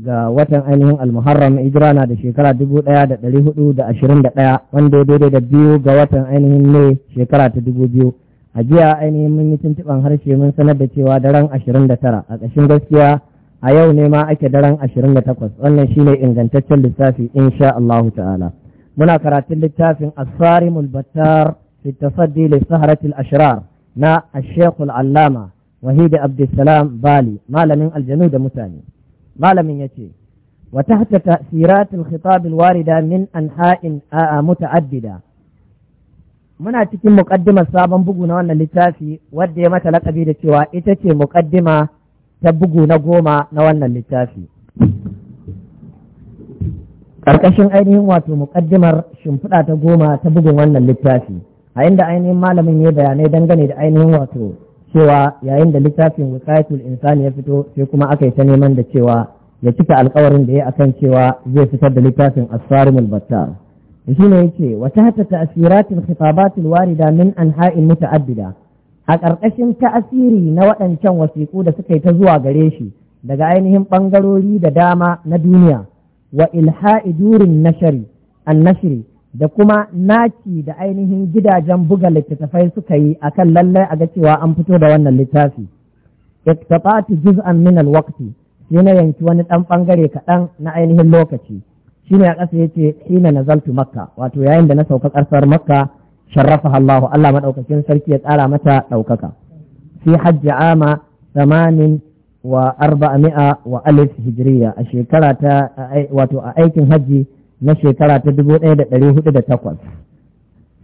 ga watan ainihin almuharram hijira na da shekara dubu ɗaya da ɗari hudu da ashirin da ɗaya wanda ya daidai da biyu ga watan ainihin ne shekara ta dubu biyu a jiya ainihin mun yi tuntuɓan harshe mun sanar da cewa daren ashirin da tara a ƙashin gaskiya a yau ne ma ake daren ashirin da takwas wannan shine ingantaccen lissafi insha Allahu ta'ala muna karatun littafin asarimul battar fi tasaddi li saharatil ashrar na ashekul allama wahidi abdulsalam bali malamin aljanu da mutane malamin ya wa tahta ta'sirat al-khitab warida min anha'in muta'addida muna cikin muƙaddimar sabon bugu na wannan littafi wadda ya mata laƙabi da cewa ita ce muƙaddima ta bugu na goma na wannan littafi. Ƙarƙashin ainihin wato muƙaddimar shimfiɗa ta goma ta bugun wannan littafi, a inda ainihin malamin ya bayanai dangane da ainihin wato cewa yayin da littafin wiqayatul insani ya fito sai kuma aka yi ta neman da cewa ya cika alkawarin da ya akan cewa zai fitar da littafin asfarimul battar shi ne yace wa tahta ta'siratil khitabatil warida min anha'in muta'addida a ƙarƙashin ta'asiri na waɗancan wasiƙu da suka yi ta zuwa gare shi daga ainihin ɓangarori da dama na duniya wa ilha'i durin nashari an nashiri da kuma naci da ainihin gidajen buga littattafai suka yi akan lallai a ga cewa an fito da wannan littafi iktafati juz'an min alwaqti shi na yanki wani ɗan ɓangare kaɗan na ainihin lokaci shi ne a ƙasa ya ce na nazaltu makka wato yayin da na sauka ƙasar makka sharrafa allahu allah maɗaukakin sarki ya tsara mata ɗaukaka fi hajji ama samanin wa arba'a mi'a wa alif hijiriya a shekara ta wato a aikin hajji na shekara ta dubu ɗaya da ɗari hudu da takwas.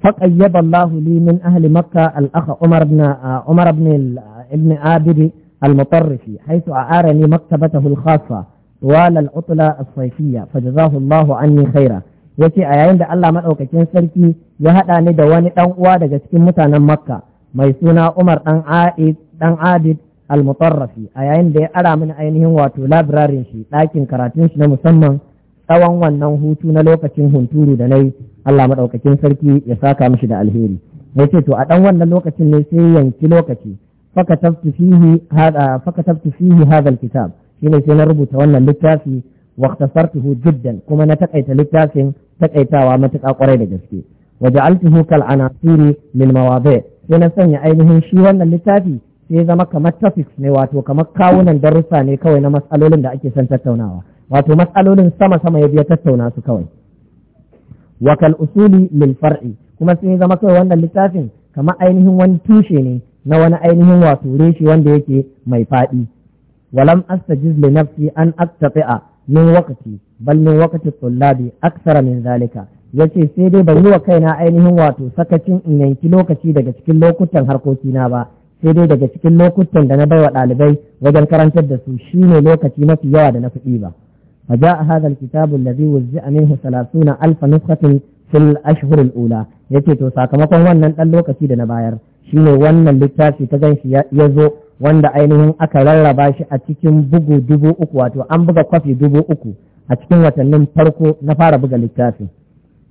فقيب الله لي من أهل مكة الأخ عمر بن عمر بن ابن عابد المطرفي حيث أعارني مكتبته الخاصة طوال العطلة الصيفية فجزاه الله عني خيرا yace a yayin da Allah maɗaukacin sarki ya haɗa ni da wani ɗan uwa daga cikin mutanen Makka mai suna Umar ɗan abid dan al-Mutarrafi a yayin da ya ara mini ainihin wato labirarin shi ɗakin karatun shi na musamman tsawon wannan hutu na lokacin hunturu da nai, Allah maɗaukakin sarki ya saka mishi da alheri ya ce to a ɗan wannan lokacin ne sai yanki lokaci faka tafti fihi hadha alkitab shine sai na rubuta wannan littafi wa jiddan kuma na takaita littafin takaitawa matuƙa kwarai da gaske Waje ja'altuhu kal anasiri min mawadi' sai na sanya ainihin shi wannan littafi sai zama kamar topics ne wato kamar kawunan darussa ne kawai na matsalolin da ake son tattaunawa wato matsalolin sama-sama ya biya tattauna su kawai wakal usuli lil far'i kuma sun zama kawai wannan littafin kamar ainihin wani tushe ne na wani ainihin wato reshe wanda yake mai faɗi walam astajiz li nafsi an aktati'a min wakati, bal min wakati tsullabi, aksara min zalika yace sai dai ban yi wa kaina ainihin wato sakacin in yanki lokaci daga cikin lokutan harkokina ba sai dai daga cikin lokutan da na bai wa ɗalibai wajen karantar da su shine lokaci mafi yawa da na fi ba. فجاء هذا الكتاب الذي وزع منه ثلاثون ألف نسخة في ula, ya ce to sakamakon wannan ɗan lokaci da na bayar shine wannan littafi ta ganshi ya zo wanda ainihin aka rarraba shi a cikin bugu dubu uku wato an buga kwafi dubu uku a cikin watannin farko na fara buga littafi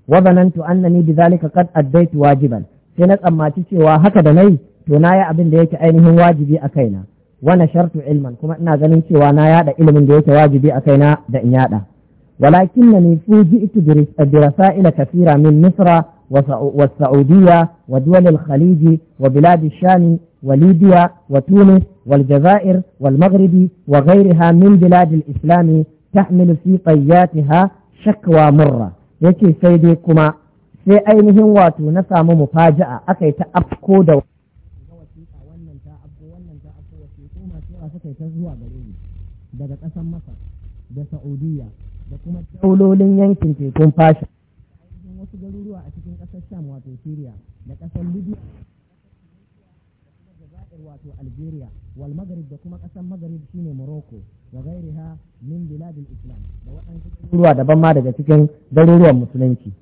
wa zanantu annani bidhalika qad addaitu wajiban sai na tsammaci cewa haka da nayi to nayi abin da yake ainihin wajibi a kaina wani shartu ilman kuma ina ganin cewa na yada ilimin da yake wajibi a kaina da in yada walakin na nufi ji ita birasa ila kafira min misra wa sa'udiyya wa duwalil khaliji wa biladi shani wa libya wa tunis wal jazair wal maghribi wa ghairiha min biladil islami tahmilu fi tayyatiha shakwa murra yake sai dai kuma sai ainihin wato na samu mufaja'a akai ta afko da daga ƙasar masar da Saudiyya da kuma taulolin yankin tekun fasha ainihin wasu garuruwa a cikin ƙasar sham wato syria da ƙasar libya wato algeria wal maghrib da kuma ƙasar maghrib shine morocco wa gairiha min biladil islam da waɗansu garuruwa daban ma daga cikin garuruwan musulunci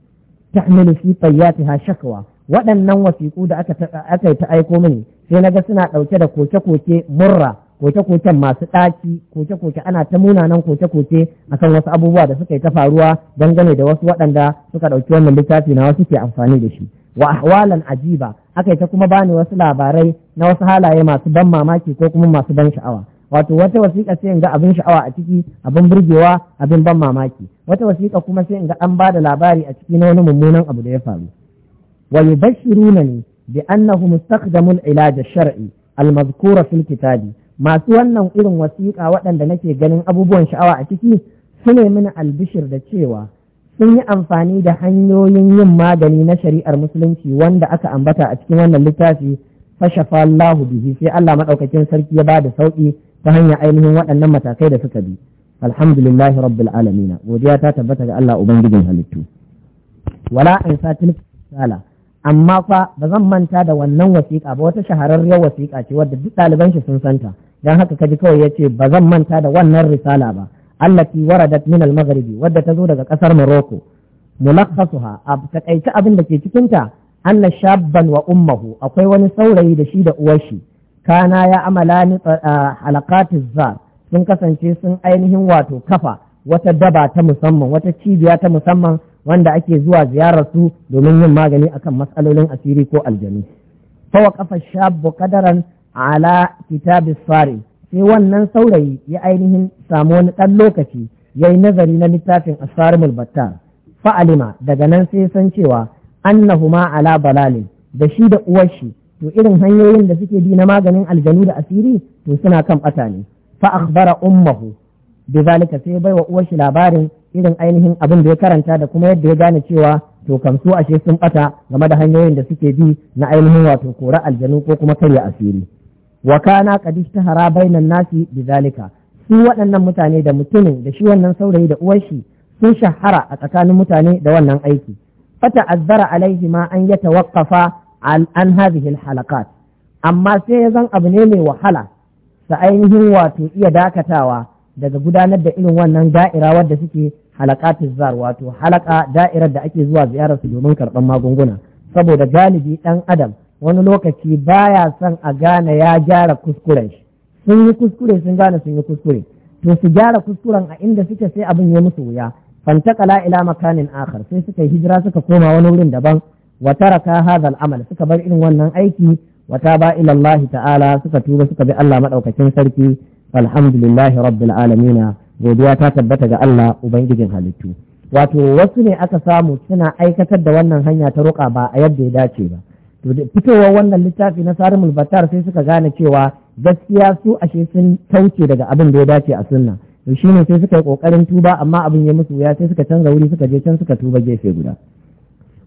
tahmilu fi ha shakwa waɗannan wasiƙu da aka aka ta aiko mini sai na ga suna ɗauke da koke-koke murra koke-koken masu ɗaci koke-koke ana ta munanan koke-koke a kan wasu abubuwa da suka yi ta faruwa dangane da wasu waɗanda suka ɗauki wannan littafi na wasu ke amfani da shi wa ahwalan ajiba aka yi ta kuma bani wasu labarai na wasu halaye masu ban mamaki ko kuma masu ban sha'awa wato wata wasiƙa sai in ga abin sha'awa a ciki abin burgewa abin ban mamaki wata wasiƙa kuma sai in ga an ba da labari a ciki na wani mummunan abu da ya faru wa yubashshiruna ne? bi annahu ila da shar'i al-mazkura fil kitabi masu wannan irin wasiƙa waɗanda nake ganin abubuwan sha'awa a ciki su ne mini albishir da cewa sun yi amfani da hanyoyin yin magani na shari'ar musulunci wanda aka ambata a cikin wannan littafi fashafa Allahu bihi sai Allah maɗaukacin sarki ya ba da sauƙi ta hanyar ainihin waɗannan matakai da suka bi alhamdulillahi rabbil alamin godiya ta tabbata ga Allah ubangijin halittu wala an satil sala amma fa ba zan manta da wannan wasiƙa ba wata shahararriyar wasiƙa ce wadda duk ɗaliban shi sun santa dan haka kaji kawai ya ce ba zan manta da wannan risala ba allati waradat min al-maghribi wadda ta zo daga ƙasar Morocco mulakhasuha a takaice abin da ke cikin ta anna shabban wa ummahu akwai wani saurayi da shi da uwar shi kana ya amala ni halaqatiz zar sun kasance sun ainihin wato kafa wata daba ta musamman wata cibiya ta musamman wanda ake zuwa ziyarar su domin yin magani akan matsalolin asiri ko aljanu fawa kafa shabbu qadaran ala kitabis Fari sai wannan saurayi ya ainihin samu wani ɗan lokaci ya yi nazari na littafin asarimul battar fa'alima daga nan sai san cewa annahuma ala balalin da shi da uwar shi to irin hanyoyin da suke bi na maganin aljanu da asiri to suna kan ɓata ne fa akhbara ummahu bi zalika sai baiwa uwar shi labarin irin ainihin abin da ya karanta da kuma yadda ya gane cewa to kamsu ashe sun bata game da hanyoyin da suke bi na ainihin wato kora aljanu ko kuma karya asiri wa kana qad ishtahara bainan nasi bi zalika su waɗannan mutane da mutumin da shi wannan saurayi da uwar shi sun shahara a tsakanin mutane da wannan aiki fata azzara alaihi ma an yatawaqqafa an hadhihi alhalaqat amma sai ya zan abu ne mai wahala sa ainihin wato iya dakatawa daga gudanar da irin wannan da'ira wadda suke halakatun zar wato halaka da'irar da ake zuwa ziyarar su domin karɓar magunguna saboda galibi ɗan adam wani lokaci baya son a gane ya gyara kuskuren shi sun yi kuskure sun gane sun yi kuskure to su gyara kuskuren a inda suke sai abin ya musu wuya fantakala ila makanin akhar sai suka hijira suka koma wani wurin daban wa taraka hadha al-amal suka bar irin wannan aiki wata ba ilallahi ta'ala suka tuba suka bi Allah maɗaukacin sarki alhamdulillahi rabbil alamina godiya ta tabbata ga Allah ubangijin halittu wato wasu ne aka samu suna aikatar da wannan hanya ta ruka ba a yadda ya dace ba to fitowar wannan littafi na sarimul battar sai suka gane cewa gaskiya su ashe sun tauce daga abin da ya dace a sunna to shine sai suka yi kokarin tuba amma abin ya musu wuya sai suka canza wuri suka je can suka tuba gefe guda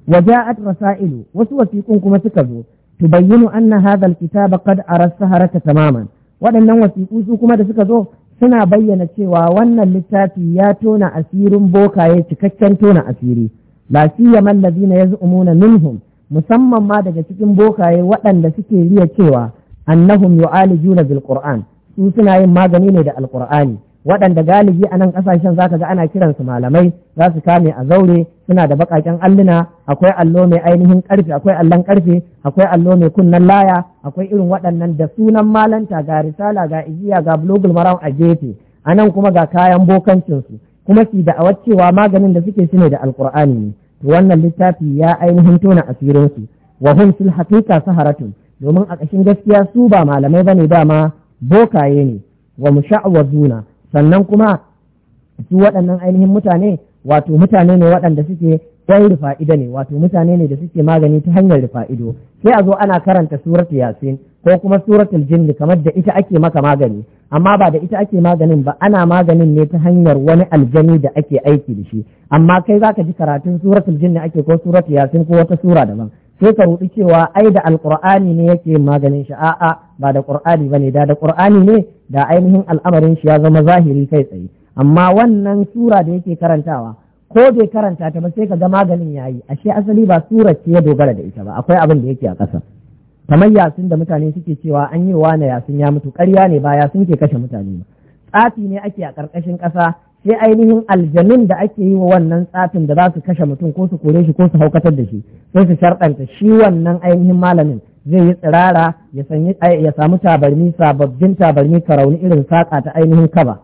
وجاءت رسائل وسوسيكم كما تكذو تبين أن هذا الكتاب قد أرى السهرة تماما waɗannan wasiƙu su kuma da suka zo suna bayyana cewa wannan littafi ya tona asirin bokaye cikakken tona asiri la siyama allazina yaz'umuna minhum musamman ma daga cikin bokaye waɗanda suke riya cewa annahum yu'alijuna bil qur'an su suna yin magani ne da alqur'ani waɗanda galibi a nan ƙasashen za ka ga ana kiransu malamai za su kame a zaure suna da baƙaƙen alluna akwai allo mai ainihin ƙarfe akwai allon ƙarfe akwai allo mai kunnen laya akwai irin waɗannan da sunan malanta ga risala ga igiya ga blogul maram a gefe a nan kuma ga kayan bokancinsu kuma su da'awar cewa maganin da suke shine da alƙur'ani ne to wannan littafi ya ainihin tona asirinsu wa hum fil haqiqa saharatun domin a ƙashin gaskiya su ba malamai bane dama bokaye ne wa musha'wazuna sannan kuma su waɗannan ainihin mutane wato mutane ne waɗanda suke yan rufa'ida ne wato mutane ne da suke magani ta hanyar rufa'ido sai a zo ana karanta suratu yasin ko kuma suratul jinni kamar da ita ake maka magani amma ba da ita ake maganin ba ana maganin ne ta hanyar wani aljani da ake aiki da shi amma kai zaka ji karatun suratul jinni ake ko suratul yasin ko wata sura daban sai ka rudu cewa ai da alqur'ani ne yake maganin shi a'a ba da qur'ani bane da da ƙur'ani ne da ainihin al'amarin shi ya zama zahiri kai tsaye amma wannan sura da yake karantawa ko bai karanta ta ba sai ka ga maganin yayi ashe asali ba sura ce ya dogara da ita ba akwai abin da yake a ƙasa kamar yasin da mutane suke cewa an yi wa na yasin ya mutu ƙarya ne ba yasin ke kashe mutane ba tsafi ne ake a ƙarƙashin ƙasa sai ainihin aljanun da ake yi wa wannan tsafin da za su kashe mutum ko su kore shi ko su haukatar da shi sai su sharɗanta shi wannan ainihin malamin zai yi tsirara ya samu tabarmi sababbin tabarmi karauni irin saƙa ta ainihin kaba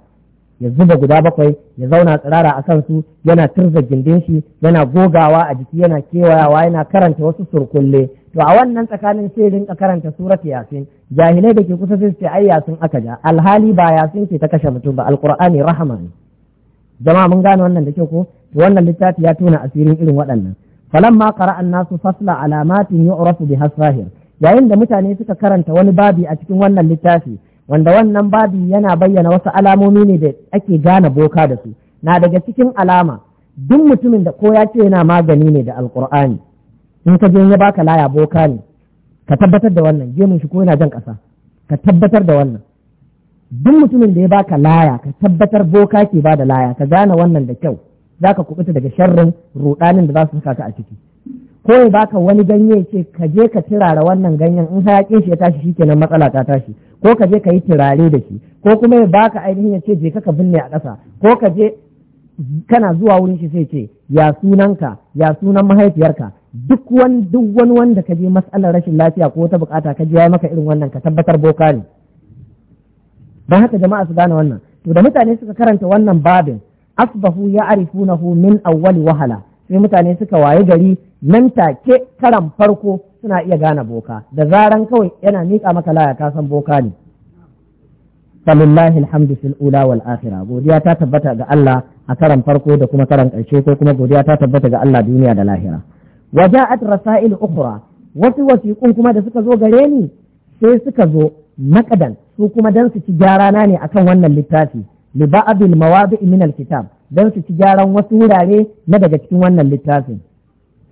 ya zuba guda bakwai ya zauna tsirara a kan su yana turza gindin shi yana gogawa a jiki yana kewayawa yana karanta wasu surkulle to a wannan tsakanin sai rinka karanta surat yasin jahilai da ke kusa sai su ce ai yasin aka ja alhali ba yasin ke ta kashe mutum ba alqur'ani rahama ne Zama mun gane wannan da kyau ko wannan littafi ya tona asirin irin waɗannan ma qara'a an-nasu fasla alamatin yu'rafu bi hasrahir yayin da mutane suka karanta wani babi a cikin wannan littafi wanda wannan babi yana bayyana wasu alamomi ne da ake gane boka da su na daga cikin alama duk mutumin da ko ya ce yana magani ne da alkur'ani in ka je ya baka laya boka ne ka tabbatar da wannan mun shi ko yana jan ƙasa ka tabbatar da wannan duk mutumin da ya baka laya ka tabbatar boka ke ba da laya ka gane wannan da kyau za ka kubuta daga sharrin rudanin da za su saka ka a ciki ko ya baka wani ganye ce ka je ka tirara wannan ganyen in hayakin shi ya tashi shikenan matsala ta tashi ko ka je ka yi turare da shi ko kuma ya baka ainihin ya ce je ka binne a ƙasa ko ka je kana zuwa wurin shi sai ce ya sunanka ya sunan mahaifiyarka duk wani duk wani wanda ka je matsalar rashin lafiya ko ta bukata ka je ya maka irin wannan ka tabbatar boka ne don haka jama'a su gane wannan to da mutane suka karanta wannan babin asbahu ya arifunahu min awwali wahala sai mutane suka waye gari nan take karan farko suna iya gane boka da zaran kawai yana miƙa maka laya ka san boka ne falillahi alhamdu fil ula wal akhirah godiya ta tabbata ga Allah a karan farko da kuma karan ƙarshe ko kuma godiya ta tabbata ga Allah duniya da lahira waja'at rasail ukhra wasu wasiqun kuma da suka zo gare ni sai suka zo makadan su kuma dan su ci gyara na ne akan wannan littafi li ba'dil mawadi'i min alkitab dan su ci gyaran wasu wurare na daga cikin wannan littafin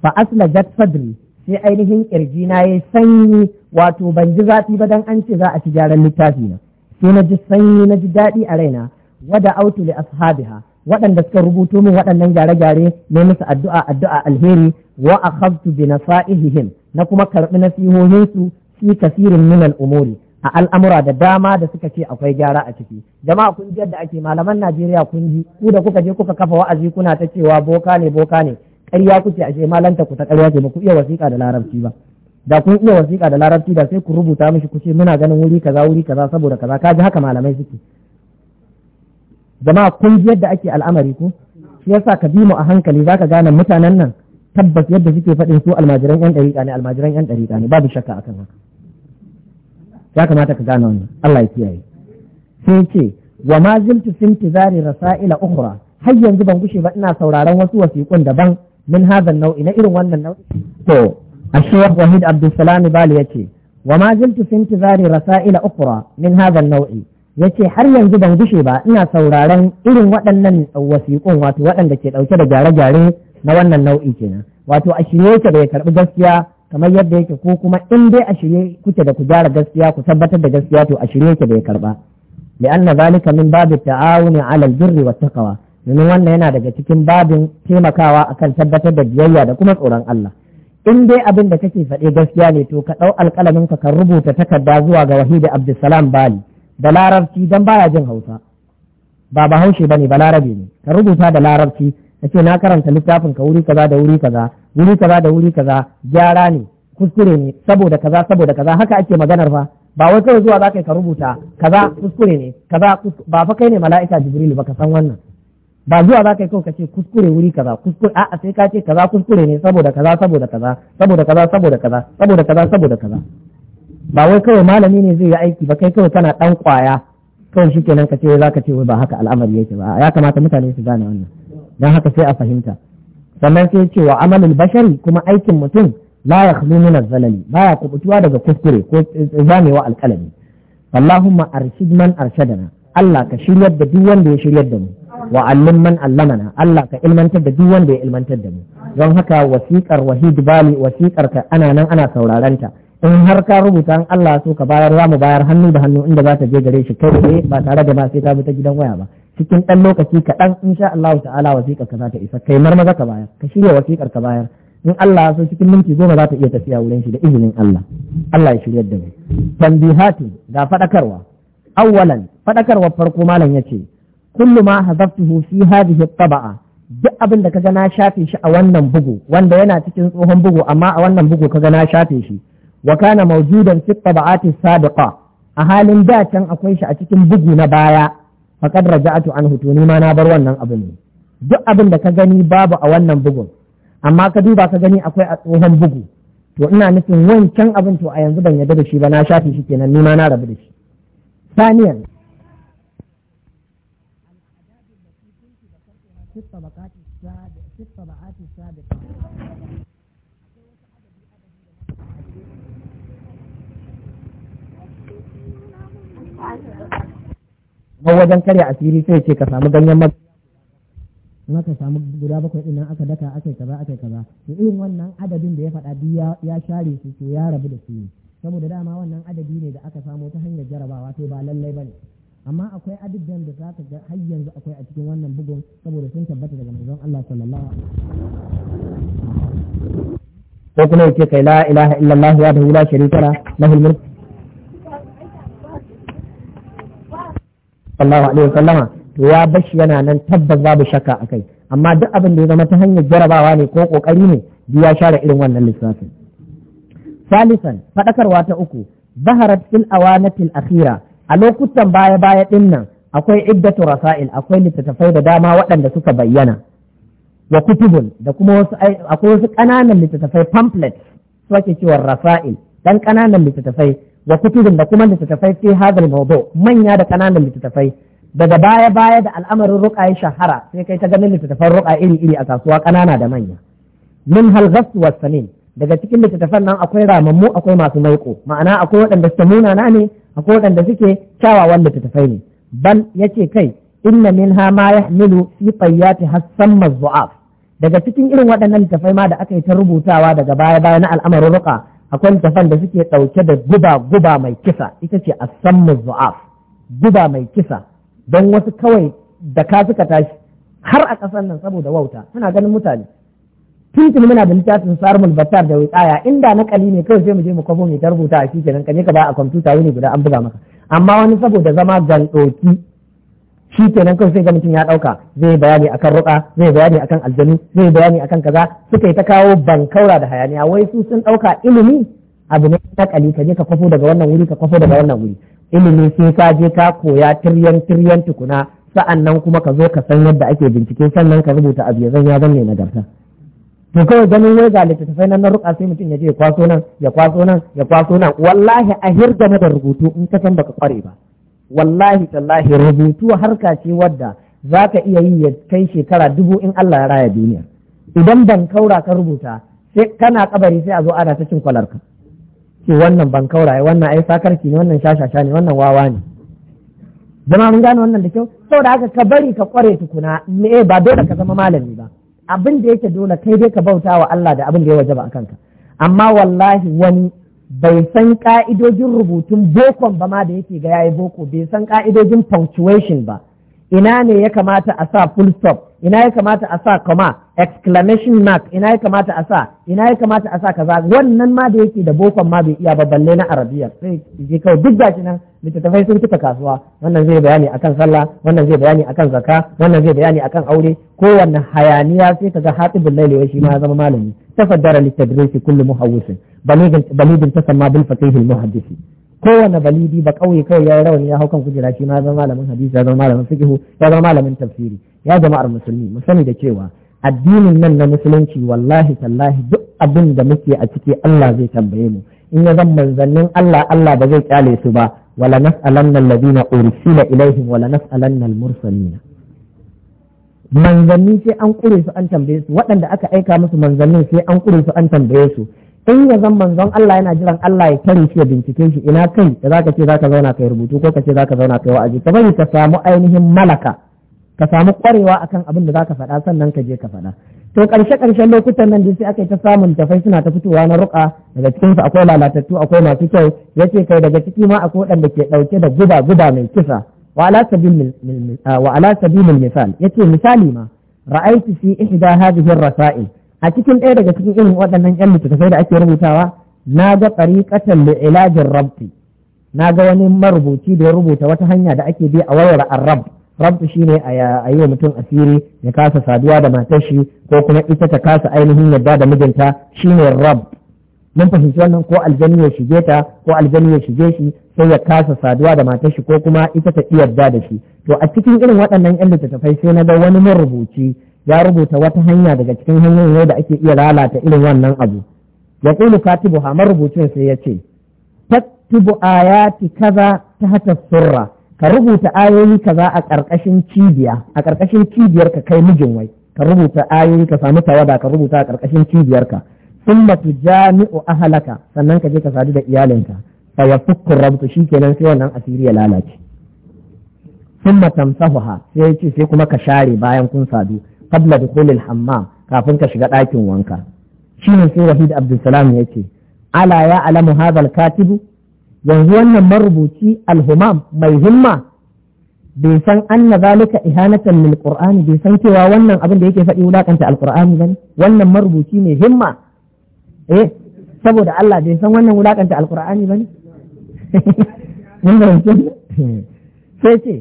fa asla jat sadri sai ainihin kirji na yayi sanyi wato ban ji zafi ba dan an ce za a ci gyaran littafi na sai na ji sanyi na ji daɗi a raina wada autu li ashabiha waɗanda suka rubuto min waɗannan gyare-gyare ne musu addu'a addu'a alheri wa akhadtu bi nasaihihim na kuma karɓi nasihohinsu fi kasirin min al'umuri a al'amura da dama da suka ce akwai gyara a ciki jama'a kun ji yadda ake malaman Najeriya kun ji ku da kuka je kuka kafa wa'azi kuna ta cewa boka ne boka ne ƙarya kuke ashe malanta ku ta ƙarya ce ba ku iya wasiƙa da larabci ba da kun iya wasiƙa da larabci da sai ku rubuta mishi ku ce muna ganin wuri kaza wuri kaza saboda kaza ka ji haka malamai suke jama'a kun ji yadda ake al'amari ku, shi yasa ka bi mu a hankali zaka gane mutanen nan tabbas yadda suke faɗin su almajiran yan ɗariƙa ne almajiran yan ɗariƙa ne babu shakka akan haka ya kamata ka gane wannan Allah ya kiyaye sai ce wa ma ziltu fi intizari rasaila ukhra har yanzu ban gushe ba ina sauraron wasu wasiƙun daban min hadha nau'i na irin wannan nau'i to الشيخ وحيد عبد السلام بالي wa وما زلت في انتظار رسائل أخرى min هذا nau'i. yace har yanzu ban gushe ba ina sauraron irin waɗannan wasiƙun wato waɗanda ke ɗauke da gyare-gyare na wannan nau'i kenan wato a shirye ka da ya karɓi gaskiya kamar yadda yake ko kuma in dai a shirye kuke da ku gyara gaskiya ku tabbatar da gaskiya to a shirye ke da ya karba anna zalika min babu ta'awuni 'ala al-birri wat taqwa domin wannan yana daga cikin babin taimakawa akan tabbatar da biyayya da kuma tsoron Allah in dai abin da kake faɗe gaskiya ne to ka ɗau alƙalamin ka rubuta takarda zuwa ga wahidi abdulsalam bali da larabci dan baya jin hausa ba ba haushe bane balarabe ne ka rubuta da larabci kace na karanta littafin ka wuri kaza da wuri kaza wuri kaza da wuri kaza gyara ne kuskure ne saboda kaza saboda kaza haka ake maganar fa ba wai kawai zuwa zakai ka rubuta kaza kuskure ne kaza ba fa kai ne mala'ika jibril ba ka san wannan ba zuwa zakai kawai ka ce kuskure wuri kaza kuskure a'a sai ka ce kaza kuskure ne saboda kaza saboda kaza saboda kaza saboda kaza saboda kaza saboda kaza ba wai kawai malami ne zai yi aiki ba kai kawai kana dan kwaya kawai shikenan ka ce za ce wai ba haka al'amari yake ba ya kamata mutane su gane wannan dan haka sai a fahimta sannan sai ce wa amalin bashari kuma aikin mutum la yakhlu min az-zalali baya kubutuwa daga kuskure ko zamewa alkalami Allahumma arshid man arshadana Allah ka shiryar da duk wanda ya shiryar da mu wa allim man allamana Allah ka ilmantar da duk wanda ya ilmantar da mu don haka wasiƙar wahid bali wasiƙar ka ana nan ana sauraron ta in har ka rubuta an Allah so ka bayar za mu bayar hannu da hannu inda za ta je gare shi kai ba tare da ba sai ta bi ta gidan waya ba cikin ɗan lokaci kaɗan in sha Allah ta'ala wasiƙar ka za ta isa kai marmaza ka bayar ka shirya wasiƙar ka bayar in Allah so cikin minti goma za ta iya tafiya wurin shi da izinin Allah Allah ya shirya da mai. Tambihatu ga fadakarwa awwalan fadakarwa farko malam yace kullu ma hadaftuhu fi hadhihi tabaa duk abin da kaga na shafe shi a wannan bugu wanda yana cikin tsohon bugu amma a wannan bugu kaga na shafe shi wa kana mawjudan fi tabaati sabiqa a halin da can akwai shi a cikin bugu na baya faqad raja'tu an hutu ni ma na bar wannan abin ne duk abin da ka gani babu a wannan bugun amma ka duba ka gani akwai a tsohon bugu to ina nufin wancan abin to a yanzu ban yarda da shi ba na shafi shi kenan ni ma na rabu da shi saniyan Thank you. Amma wajen karya asiri sai ce ka samu ganyen ma in aka samu guda bakwai ɗin aka daka aka yi kaza aka yi kaza to irin wannan adadin da ya faɗa biyu ya share su to ya rabu da su saboda dama wannan adadi ne da aka samo ta hanyar jarabawa to ba lallai bane amma akwai adadin da za ka ga har yanzu akwai a cikin wannan bugun saboda sun tabbata daga manzon Allah sallallahu alaihi wasallam ko kuma yake kai la ilaha illallah da la sharika lahu lahul sallallahu alaihi wasallam to ya bashi yana nan tabbas babu shakka akai amma duk abin da ya zama ta hanyar jarabawa ne ko kokari ne duk ya share irin wannan lissafin salisan fadakarwa ta uku baharat fil awanatil akhira a lokutan baya baya din nan akwai iddatu rasail akwai littattafai da dama waɗanda suka bayyana wa kutubun da kuma wasu akwai wasu ƙananan littattafai pamphlets su ake cewa rasail dan ƙananan littattafai wa kutubin da kuma littattafai fi hadal mawdu manya da kananan littattafai daga baya baya da al'amarin ruqa shahara sai kai ta ganin littattafan ruqa iri iri a kasuwa kanana da manya min hal ghasl was sanin daga cikin littattafan nan akwai ramammu akwai masu maiƙo ma'ana akwai waɗanda suke na ne akwai waɗanda suke kyawawan littattafai ne bal yace kai inna minha ma yahmilu fi tayyati hasan mazdu'af daga cikin irin waɗannan littattafai ma da aka yi ta rubutawa daga baya baya na al'amarin ruqa akwai tafan da suke ɗauke da guba guba mai kisa ita ce a mu zu'af guba mai kisa don wasu kawai da ka suka tashi har a ƙasar nan saboda wauta suna ganin mutane tuntun muna da littafin sarmul battar da wiƙaya inda na ƙali ne kawai sai mu je mu kwafo mai ta rubuta a shi kenan ka je ka ba a kwamfuta wuni guda an buga maka amma wani saboda zama gantsoki. shi kenan kawai sai ga mutum ya ɗauka, zai bayani akan ruka zai bayani akan aljanu zai bayani akan kaza suka yi ta kawo bankaura da hayaniya wai su sun ɗauka ilimi abu ne na kali ka je ka kwafo daga wannan wuri ka kwafo daga wannan wuri ilimi sai ka je ka koya tiryan tiryan tukuna sa'an nan kuma ka zo ka san yadda ake bincike sannan ka rubuta abu ya zan ya zan ne nagarta to kawai ganin wai ga littattafai nan na ruka sai mutum ya je ya kwaso nan ya kwaso nan ya kwaso nan wallahi a hirgama da rubutu in ka san baka kware ba wallahi tallahi rubutu harka ce wadda za ka iya yi ya kai shekara dubu in Allah ya raya duniya idan ban kaura ka rubuta sai kana kabari sai a zo ana ta cin kwalarka ce wannan ban kaura ya wannan ai sakarki ne wannan shashasha ne wannan wawa ne zama mun gane wannan da kyau saboda haka ka bari ka kware tukuna me eh, ba dole ka zama malami ba abin da yake dole kai dai ka bauta wa Allah da abin da ya ba a kanka amma wallahi wani bai san ka'idojin rubutun bokon ba ma da yake ga yayi boko bai san ka'idojin punctuation ba ina ne ya kamata a sa full stop ina ya kamata a sa comma exclamation mark ina ya kamata a sa ina ya kamata a sa kaza wannan ma da yake da bokon ma bai iya ba balle na arabiya sai je kawai duk gashi nan littattafai sun cika kasuwa wannan zai bayani akan sallah wannan zai bayani akan zakka wannan zai bayani akan aure kowanne hayaniya sai kaga hatibul laili shi ma zama malami tafaddara litadrisi kullu muhawwisin balidin tasamma bil faqih al muhaddisi kowane balidi ba kauye kawai ya yi rawani ya hau kan kujera shi ma zama malamin hadisi ya zama malamin fiqhu ya zama malamin tafsiri ya jama'ar musulmi mu sani da cewa addinin nan na musulunci wallahi tallahi duk abin da muke a ciki Allah zai tambaye mu in ya zan manzannin Allah Allah ba zai kyale su ba wala nas'alanna alladhina ursila ilaihim wala nas'alanna al manzanni sai an kure su an tambaye su waɗanda aka aika musu manzannin sai an kure su an tambaye su in ya zan manzon Allah yana jiran Allah ya kare shi ya bincike shi ina kai da zaka ce zaka zauna kai rubutu ko kace zaka zauna kai wa'azi ka bari ka samu ainihin malaka ka samu kwarewa akan abin da zaka faɗa sannan ka je ka faɗa to karshe karshen lokutan nan da sai aka ta samun tafai suna ta fitowa na ruka daga cikin su akwai lalatattu akwai masu kyau yace kai daga ciki ma akwai waɗanda ke dauke da guba guba mai kisa wa ala sabil wa ala misal yace misali ma ra'aytu fi ihda hadhihi ar-rasa'il a cikin ɗaya daga cikin irin waɗannan ƴan littattafai da ake rubutawa na ga tsariƙatan da ilajin rabti na ga wani marubuci da ya rubuta wata hanya da ake bi a wayar arab rabti ne a yi wa mutum asiri ya kasa saduwa da matar shi ko kuma ita ta kasa ainihin yadda da mijinta ne rab mun fahimci wannan ko aljani ya shige ta ko aljani ya shige shi sai ya kasa saduwa da matar shi ko kuma ita ta iya da shi to a cikin irin waɗannan yan littattafai sai na ga wani marubuci ya rubuta wata hanya daga cikin hanyoyin yau da ake iya lalata irin wannan abu ya kulu katibu hamar rubutun sai ya ce taktibu ayati kaza ta hata surra ka rubuta ayoyi kaza a ƙarƙashin cibiya a ƙarƙashin cibiyar ka kai mijin wai ka rubuta ayoyi ka samu tawada ka rubuta a ƙarƙashin cibiyar ka summa jami'u ahalaka sannan ka je ka sadu da iyalinka fa yafukku shi kenan sai wannan asiri ya lalace summa tamsahuha sai ya ce sai kuma ka share bayan kun sadu qabla dukhulil hammam kafin ka shiga ɗakin wanka shine sai Wahid Abdulsalam yace ala ya alamu hadha katibu yanzu wannan marubuci alhumam mai himma bai san anna zalika ihanatan lil qur'ani bai san cewa wannan abin da yake faɗi wulakanta alqur'ani bane wannan marubuci mai himma eh saboda Allah bai san wannan wulakanta alqur'ani bane mun fahimci sai ce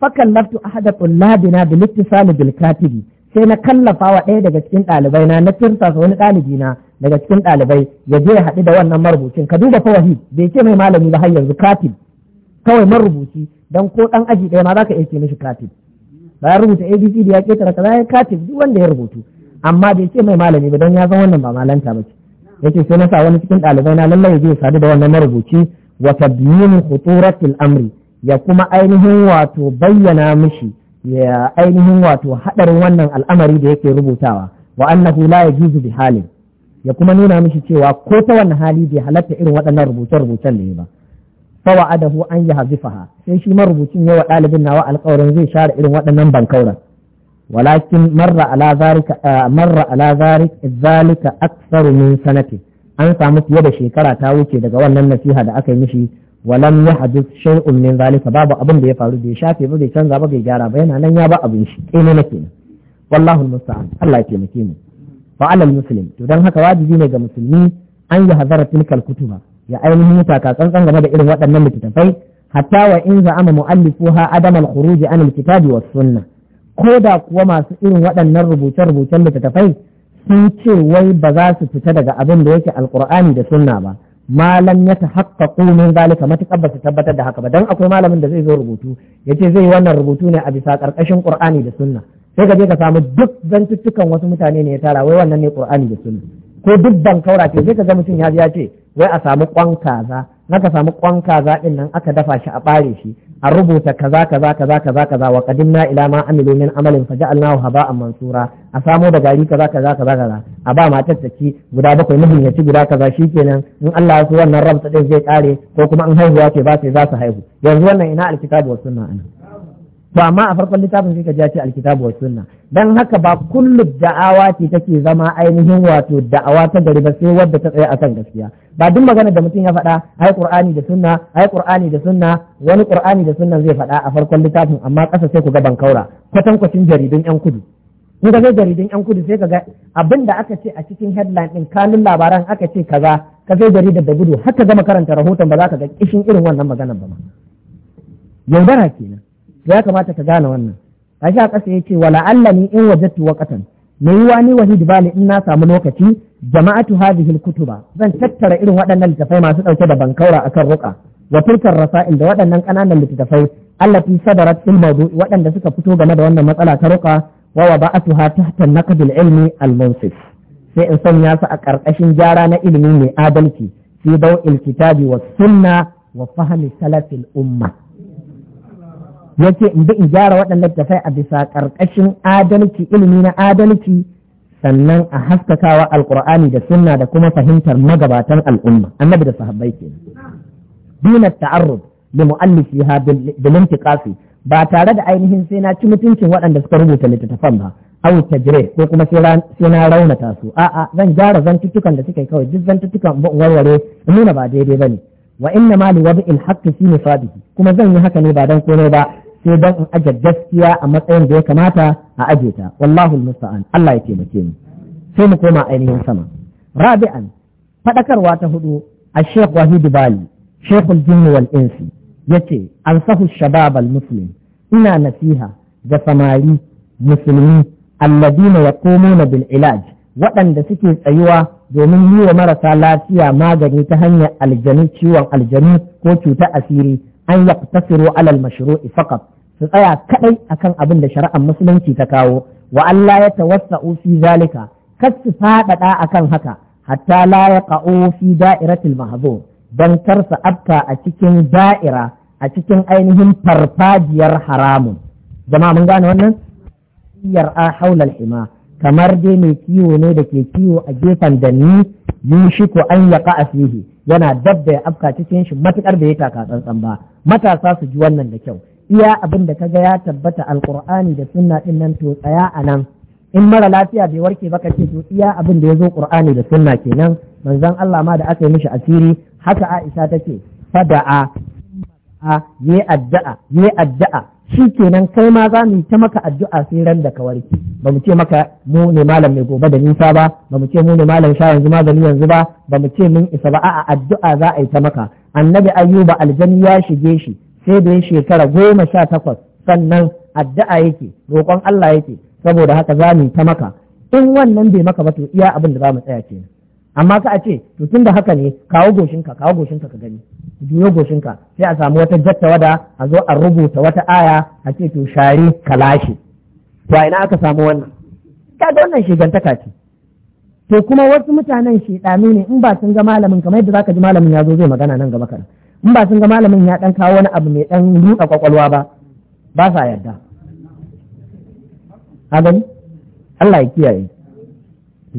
fakan laftu ahada tullabina bil ittisal bil katibi sai na kallafa wa ɗaya daga cikin ɗalibai na na su wani ɗalibi na daga cikin ɗalibai ya je ya haɗu da wannan marubucin ka duba fawahi bai ce mai malami ba har yanzu katib kawai marubuci dan ko ɗan aji ɗaya ma za ka iya ce mishi katib bayan rubuta abcd ya ƙetare kaza ya katib duk wanda ya rubutu amma bai ce mai malami ba dan ya san wannan ba malanta ba ce yace sai na sa wani cikin ɗalibai na lallai zai sadu da wannan marubuci wa tabyin khuturatil amri ya kuma ainihin wato bayyana mishi ya ainihin wato hadarin wannan al'amari da yake rubutawa wa annahu la yajuzu bi halin ya kuma nuna mishi cewa ko ta wani hali bai halatta irin waɗannan rubuce-rubucen ne ba fawa adahu an yi sai shi marubucin yawa ɗalibin nawa alƙawarin zai share irin waɗannan bankauran walakin marra ala zalika marra ala zalika aktsaru min sanati an samu fiye da shekara ta wuce daga wannan nasiha da aka yi mishi walam ya hadis shay'un min zalika babu abin da ya faru da ya shafe ba bai canza ba bai gyara ba yana nan ya ba abin shi kene eh, na kenan wallahu musta'an Allah ya taimake mu fa alal muslim to dan haka wajibi ne ga musulmi an yi hazara tilkal kutuba ya ainihin mutaka tsantsan game da irin waɗannan littattafai hatta wa in za za'ama mu'allifuha adam al-khuruj an al-kitabi was sunna ko da kuwa masu irin waɗannan rubuce-rubucen littattafai sun ce wai ba za su fita daga abin da yake alkur'ani da sunna ba malam ya ta tahaqqaqu min zalika matuƙar ba su tabbatar da haka ba Don akwai malamin da zai zo rubutu Ya ce zai wannan rubutu ne a bisa ƙarƙashin ƙur'ani da sunna sai ka je ka samu duk zantuttukan wasu mutane ne ya tara wai wannan ne ƙur'ani da sunna ko duk ban kaura ce sai ka ga mutum ya ce wai a samu ƙwan kaza Na ka samu ƙwan kaza ɗinnan nan aka dafa shi a ɓare shi a rubuta kaza kaza kaza kaza kaza wa qadimna ila ma amilu min amalin faja'alnahu haba'an mansura a samo da gari kaza kaza kaza kaza a ba matar guda bakwai mijin guda kaza shikenan in Allah ya so wannan rabta din zai kare ko kuma in haihuwa ce ba sai za su haihu yanzu wannan ina alkitabu wa sunna anan ba ma a farkon littafin sai ka ja ce alkitabu wa sunna dan haka ba kullu da'awa ce take zama ainihin wato da'awa ta gari ba sai wadda ta tsaya akan gaskiya ba duk magana da mutum ya faɗa ai qur'ani da sunna ai qur'ani da sunna wani qur'ani da sunna zai faɗa a farkon littafin amma ƙasa sai ku ga kaura. kwatan kwacin jaridun yan kudu in ga jaridun yan kudu sai ka ga abin aka ce a cikin headline din kanun labaran aka ce kaza ka sai jaridar da gudu haka gama karanta rahoton ba za ka ga kishin irin wannan maganar ba ma yaudara kenan ya kamata ka gane wannan kashi a ƙasa ce wala ni in wajadtu waqatan mai yiwa ni wani bali in na samu lokaci jama'atu hadhihi kutuba zan tattara irin waɗannan littafai masu ɗauke da bankaura akan ruka wa tilkar rasa'il da waɗannan ƙananan littafai allati sadarat fil mawdu' waɗanda suka fito game da wannan matsala ta ruka wa wada'atuha tahta naqd al-ilmi al-munsif sai in sanya su a ƙarƙashin gyara na ilimi mai adalci fi bau'il kitabi wa sunna wa fahmi salafil umma yace in bi in gyara waɗannan tafai a bisa ƙarƙashin adalci ilimi na adalci sannan a haskakawa alƙur'ani da sunna da kuma fahimtar magabatan al'umma annabi da sahabbai ke dina ta'arrud muallifi ha bil intiqasi ba tare da ainihin sai na ci mutuncin waɗanda suka rubuta littattafan ba au tajre ko kuma sai na raunata su a'a zan gyara zantuttukan da suke kawai duk zantuttukan ba warware nuna ba daidai bane wa inna ma li wad'il haqqi fi nifadihi kuma zan yi haka ne ba dan komai ba sai don in aje gaskiya a matsayin da ya kamata a aje ta wallahu musta'an Allah ya taimake mu sai mu koma ainihin sama rabi'an fadakarwa ta hudu a Sheikh Wahid Bali Sheikhul Jinni wal Insi yace ansahu shabab al muslim ina nasiha ga samari musulmi alladina yaqumuna bil ilaj waɗanda suke tsayuwa domin yi wa marasa lafiya magani ta hanyar aljanu ciwon aljanu ko cutar asiri an yaqtasiru alal mashru'i faqat su tsaya kadai akan abin da shari'ar musulunci ta kawo wa Allah ya tawassa'u fi zalika kas su fadada akan haka hatta la yaqa'u fi da'iratil mahzur dan kar su abka a cikin da'ira a cikin ainihin farfajiyar haramun jama'a mun gane wannan yar'a haulal hima kamar dai mai kiwo ne da ke kiwo a gefen danni yushiku an yaqa fihi yana dab da ya afka cikin shi matukar da ya taka tsantsan ba matasa su ji wannan da kyau iya abin da kaga ya tabbata alqur'ani da sunna din nan to tsaya a nan in mara lafiya bai warke ba ce, to iya abin da ya zo qur'ani da sunna kenan manzon Allah ma da aka yi mishi asiri haka Aisha take fada'a a yi addu'a yi addu'a shi kenan kai ma za mu ta maka addu'a sai ran da ka warke ba mu ce maka mu ne malam mai gobe da nisa ba ba mu ce mu ne malam sha yanzu magani yanzu ba ba mu ce mun isa ba a'a addu'a za a yi ta maka annabi ayyuba aljani ya shige shi sai da ya shekara goma sha takwas sannan addu'a yake roƙon Allah yake saboda haka za mu ta maka in wannan bai maka ba to iya abin da za mu tsaya kenan amma ka a ce to tun da haka ne kawo goshinka kawo goshinka ka gani juyo goshinka sai a samu wata jatta wada a zo a rubuta wata aya a ce to shari lashe. to ina aka samu wannan ga wannan shigantaka ce to kuma wasu mutanen shedanu ne in ba sun ga malamin kamar yadda zaka ji malamin ya zo zai magana nan gaba kana in ba sun ga malamin ya dan kawo wani abu mai dan ruka kwakwalwa ba ba sa yarda a gani Allah ya kiyaye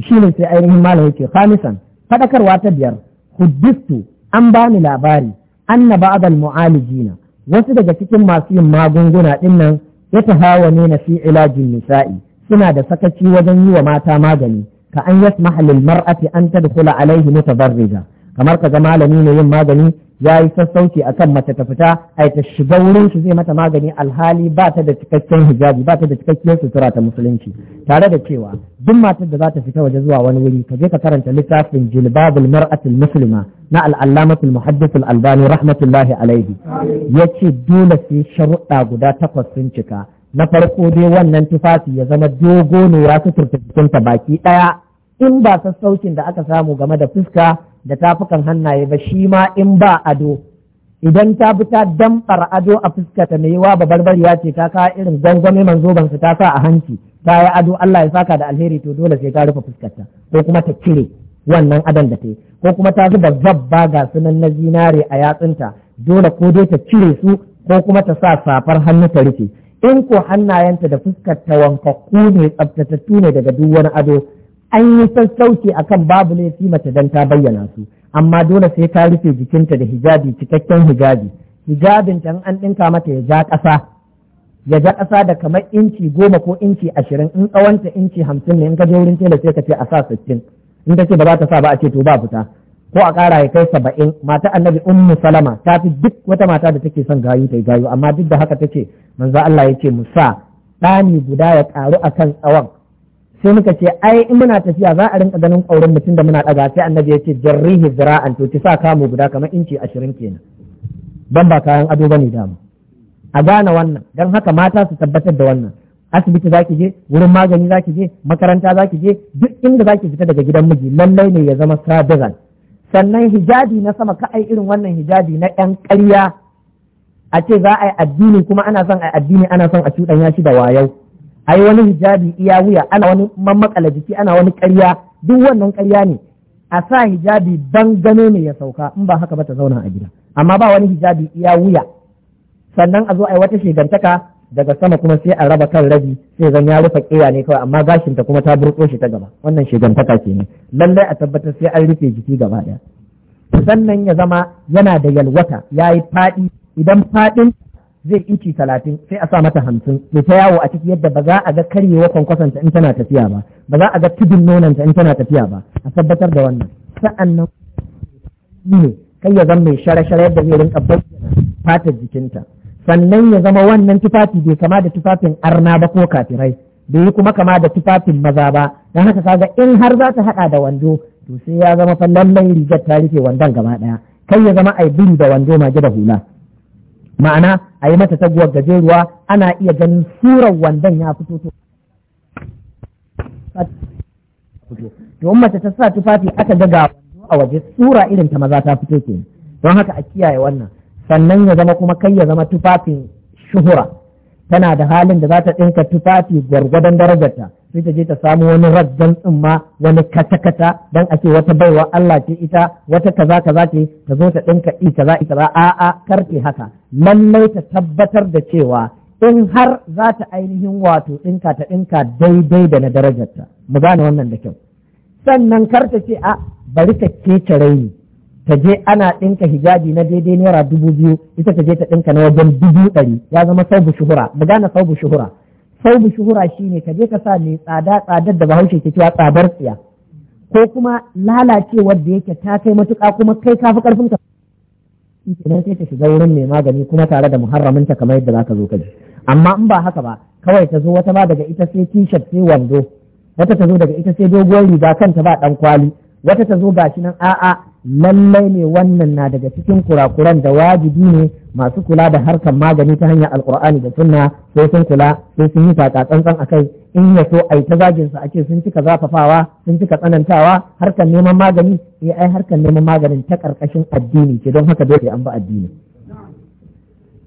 shi ne sai ainihin malam yake khamisan fadakarwa ta biyar huddistu an bani labari anna ba'd al mu'alijina wasu daga cikin masu yin magunguna din nan ya tahawani na fi ilajin nisa'i suna da sakaci wajen yi wa mata magani ka an yasmaha lil mar'ati an tadkhula alaihi mutabarrija kamar ka ga malami ne yin magani ya yi sassauci akan mace ta fita ai ta shiga wurin shi zai mata magani alhali ba ta da cikakken hijabi ba ta da cikakken sutura ta musulunci tare da cewa duk matar da za ta fita waje zuwa wani wuri ka je ka karanta littafin jilbabul mar'atul muslima na al'allamatul muhaddith albani rahmatullahi alaihi yace dole sai sharuɗa guda takwas sun cika na farko dai wannan tufafi ya zama dogo ne ya suturta jikinta baki ɗaya in ba sassaucin da aka samu game da fuska da tafukan hannaye ba shi ma in ba ado idan ta bi ta damfar ado a fuskata mai yiwa ba barbariya ce ta kawo irin gwangwame manzo bansu ta sa a hanci ta yi ado Allah ya saka da alheri to dole sai ta rufe fuskarta ko kuma ta cire wannan adon da ta yi ko kuma ta zuba zabba ga sunan na zinare a yatsunta dole ko dai ta cire su ko kuma ta sa safar hannu ta rufe in ko hannayenta da fuskar ta wankakku ne tsaftatattu ne daga duk wani ado an yi sassauci akan babu laifi mace dan ta bayyana su amma dole sai ta rufe jikinta da hijabi cikakken hijabi hijabin in an ɗinka mata ya ja ƙasa ya ja ƙasa da kamar inci goma ko inci ashirin in tsawonta inci hamsin ne in ka je wurin tela sai ka ce a sa sittin in ta ce ba za ta sa ba a ce to ba fita ko a ƙara ya kai saba'in mata annabi ummu salama ta fi duk wata mata da take son gayu ta yi gayu amma duk da haka ta ce manzo Allah ya ce mu sa ɗani guda ya ƙaru kan tsawon sai muka ce ai in muna tafiya za a rinka ganin ƙaurin mutum da muna ɗaga sai annabi ya ce jarrihi zira'an to ki sa kamu guda kamar inci ashirin kenan ban ba kayan ado bane dama a gane wannan don haka mata su tabbatar da wannan asibiti za ki je wurin magani za ki je makaranta za ki je duk inda za ki fita daga gidan miji lallai ne ya zama sadizan sannan hijabi na sama ka ai irin wannan hijabi na yan ƙarya a ce za a yi addini kuma ana son a yi addini ana son a cuɗanya shi da wayau ai wani hijabi iya wuya ana wani mamakala jiki ana wani ƙarya duk wannan ƙarya ne a sa hijabi ban gano ne ya sauka in ba haka ba ta zauna a gida amma ba wani hijabi iya wuya sannan a zo ai wata shigantaka daga sama kuma sai a raba kan rabi sai zan ya rufe ƙeya ne kawai amma gashin ta kuma ta burko shi ta gaba wannan shigantaka ke ne lallai a tabbatar sai an rufe jiki gaba ɗaya sannan ya zama yana da yalwata ya yi faɗi idan faɗin zai inci talatin sai a sa mata hamsin ya ta yawo a ciki yadda ba za a ga karyewa kwankwasanta in tana tafiya ba ba za a ga tudun nonanta in tana tafiya ba a tabbatar da wannan sa'an ne kai ya zama mai share-share yadda zai rinka bayyana fatar jikinta sannan ya zama wannan tufafi bai kama da tufafin arna ba ko kafirai bai kuma kama da tufafin maza ba don haka kaga in har za ta haɗa da wando to sai ya zama fa mai rigar ta rufe wandon gaba ɗaya kai ya zama ai biri da wando mage da hula ma'ana a yi mata taguwar gajeruwa ana iya ganin surar wandon ya fito to domin mace ta sa tufafi aka ga ga a waje sura irin ta maza ta fito ke don haka a kiyaye wannan sannan ya zama kuma kai ya zama tufafin shuhura tana da halin da za ta ɗinka tufafi gwargwadon darajarta sai ta je ta samu wani raggan tsumma wani kata-kata a ake wata baiwa Allah ce ita wata kaza kaza ce ta zo ta ɗinka i kaza i kaza a'a karfe haka lallai ta tabbatar da cewa in har za ta ainihin wato ɗinka ta ɗinka daidai da na darajarta mu gane wannan da kyau sannan kar ta ce a bari ta kece raini ta je ana ɗinka hijabi na daidai naira dubu biyu ita ta je ta ɗinka na wajen dubu ɗari ya zama saubu shuhura mu gane saubu shuhura saubu shuhura shi ne ka je ka sa ne tsada tsadar da bahaushe ke cewa tsadar tsiya ko kuma lalacewar da yake ta kai matuƙa kuma kai ka fi ƙarfin ka kenan sai ta shiga wurin mai magani kuma tare da muharraminta kamar yadda za ka zo ka ji amma in ba haka ba kawai ta zo wata ba daga ita sai t sai wando wata ta zo daga ita sai doguwar riga kanta ba ɗan kwali wata ta zo shi nan a'a lallai ne wannan na daga cikin kurakuran da wajibi ne masu kula da harkar magani ta hanyar alkur'ani da sunna sai sun kula sai sun yi taka tsantsan a kai in ya so a yi ta zagin su ake sun cika zafafawa sun cika tsanantawa harkar neman magani sai eh, ai harkar neman maganin ta karkashin addini ce don haka dole an ba addini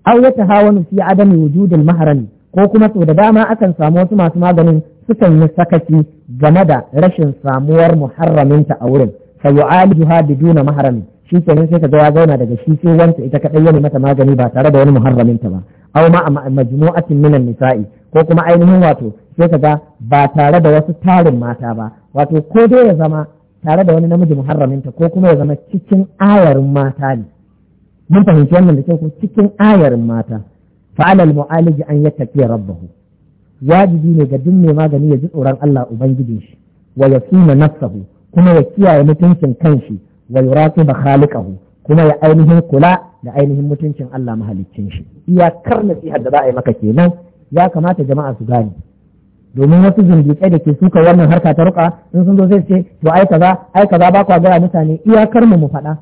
aw ya tahawanu fi adami wujudil maharami ko kuma sau da dama akan samu wasu masu maganin sukan yi sakaci game da rashin samuwar muharraminta a wurin fa yu'alijuha biduna maharami, shi kenan sai ka ga zauna daga shi sai wanta ita kadai yana mata magani ba tare da wani muharramin ta ba aw ma majmu'atin minan nisa'i ko kuma ainihin wato sai ka ga ba tare da wasu tarin mata ba wato ko dai ya zama tare da wani namiji muharraminta ko kuma ya zama cikin ayarin mata ne mun fahimci wannan da kyau ko cikin ayarin mata fa'alal mu'aliji an yattaqi rabbahu wajibi ne ga duk mai magani ya ji tsoron Allah ubangijin shi wa yasuna nafsahu kuma ya kiyaye mutuncin kanshi wa ba khaliqahu kuma ya ainihin kula da ainihin mutuncin Allah mahaliccin shi iyakar nasiha da za a yi maka kenan ya kamata jama'a su gane domin wasu zindiƙai da ke suka wannan harka ta ruka in sun zo zai ce to ai kaza ai kaza ba kwa gaya mutane iyakar mu mu faɗa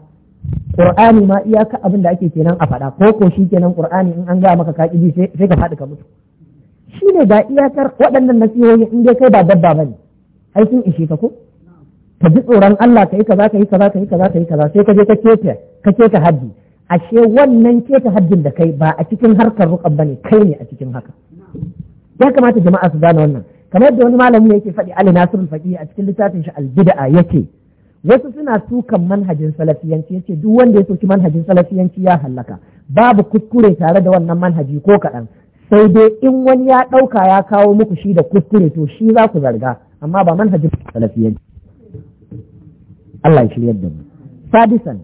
qur'ani ma iyaka abin da ake kenan a faɗa ko ko shi kenan qur'ani in an gaya maka ka ƙi sai ka faɗi ka mutu shine ga iyakar waɗannan nasihohi in dai kai ba dabba bane ai sun ishe ka ko ka ji tsoron Allah ka yi kaza ka yi kaza ka yi kaza ka yi kaza sai ka je ka keta ka haddi ashe wannan keta haddin da kai ba a cikin harkar ba bane kai ne a cikin haka ya kamata jama'a su gane wannan kamar yadda wani malami yake faɗi Ali Nasir al a cikin littafin shi al-bid'a yake wasu suna tukan manhajin salafiyanci yace duk wanda ya soki manhajin salafiyanci ya hallaka babu kuskure tare da wannan manhaji ko kaɗan sai dai in wani ya ɗauka ya kawo muku shi da kuskure to shi za ku zarga amma ba manhajin salafiyanci Allah ya shiryar da mu sadisan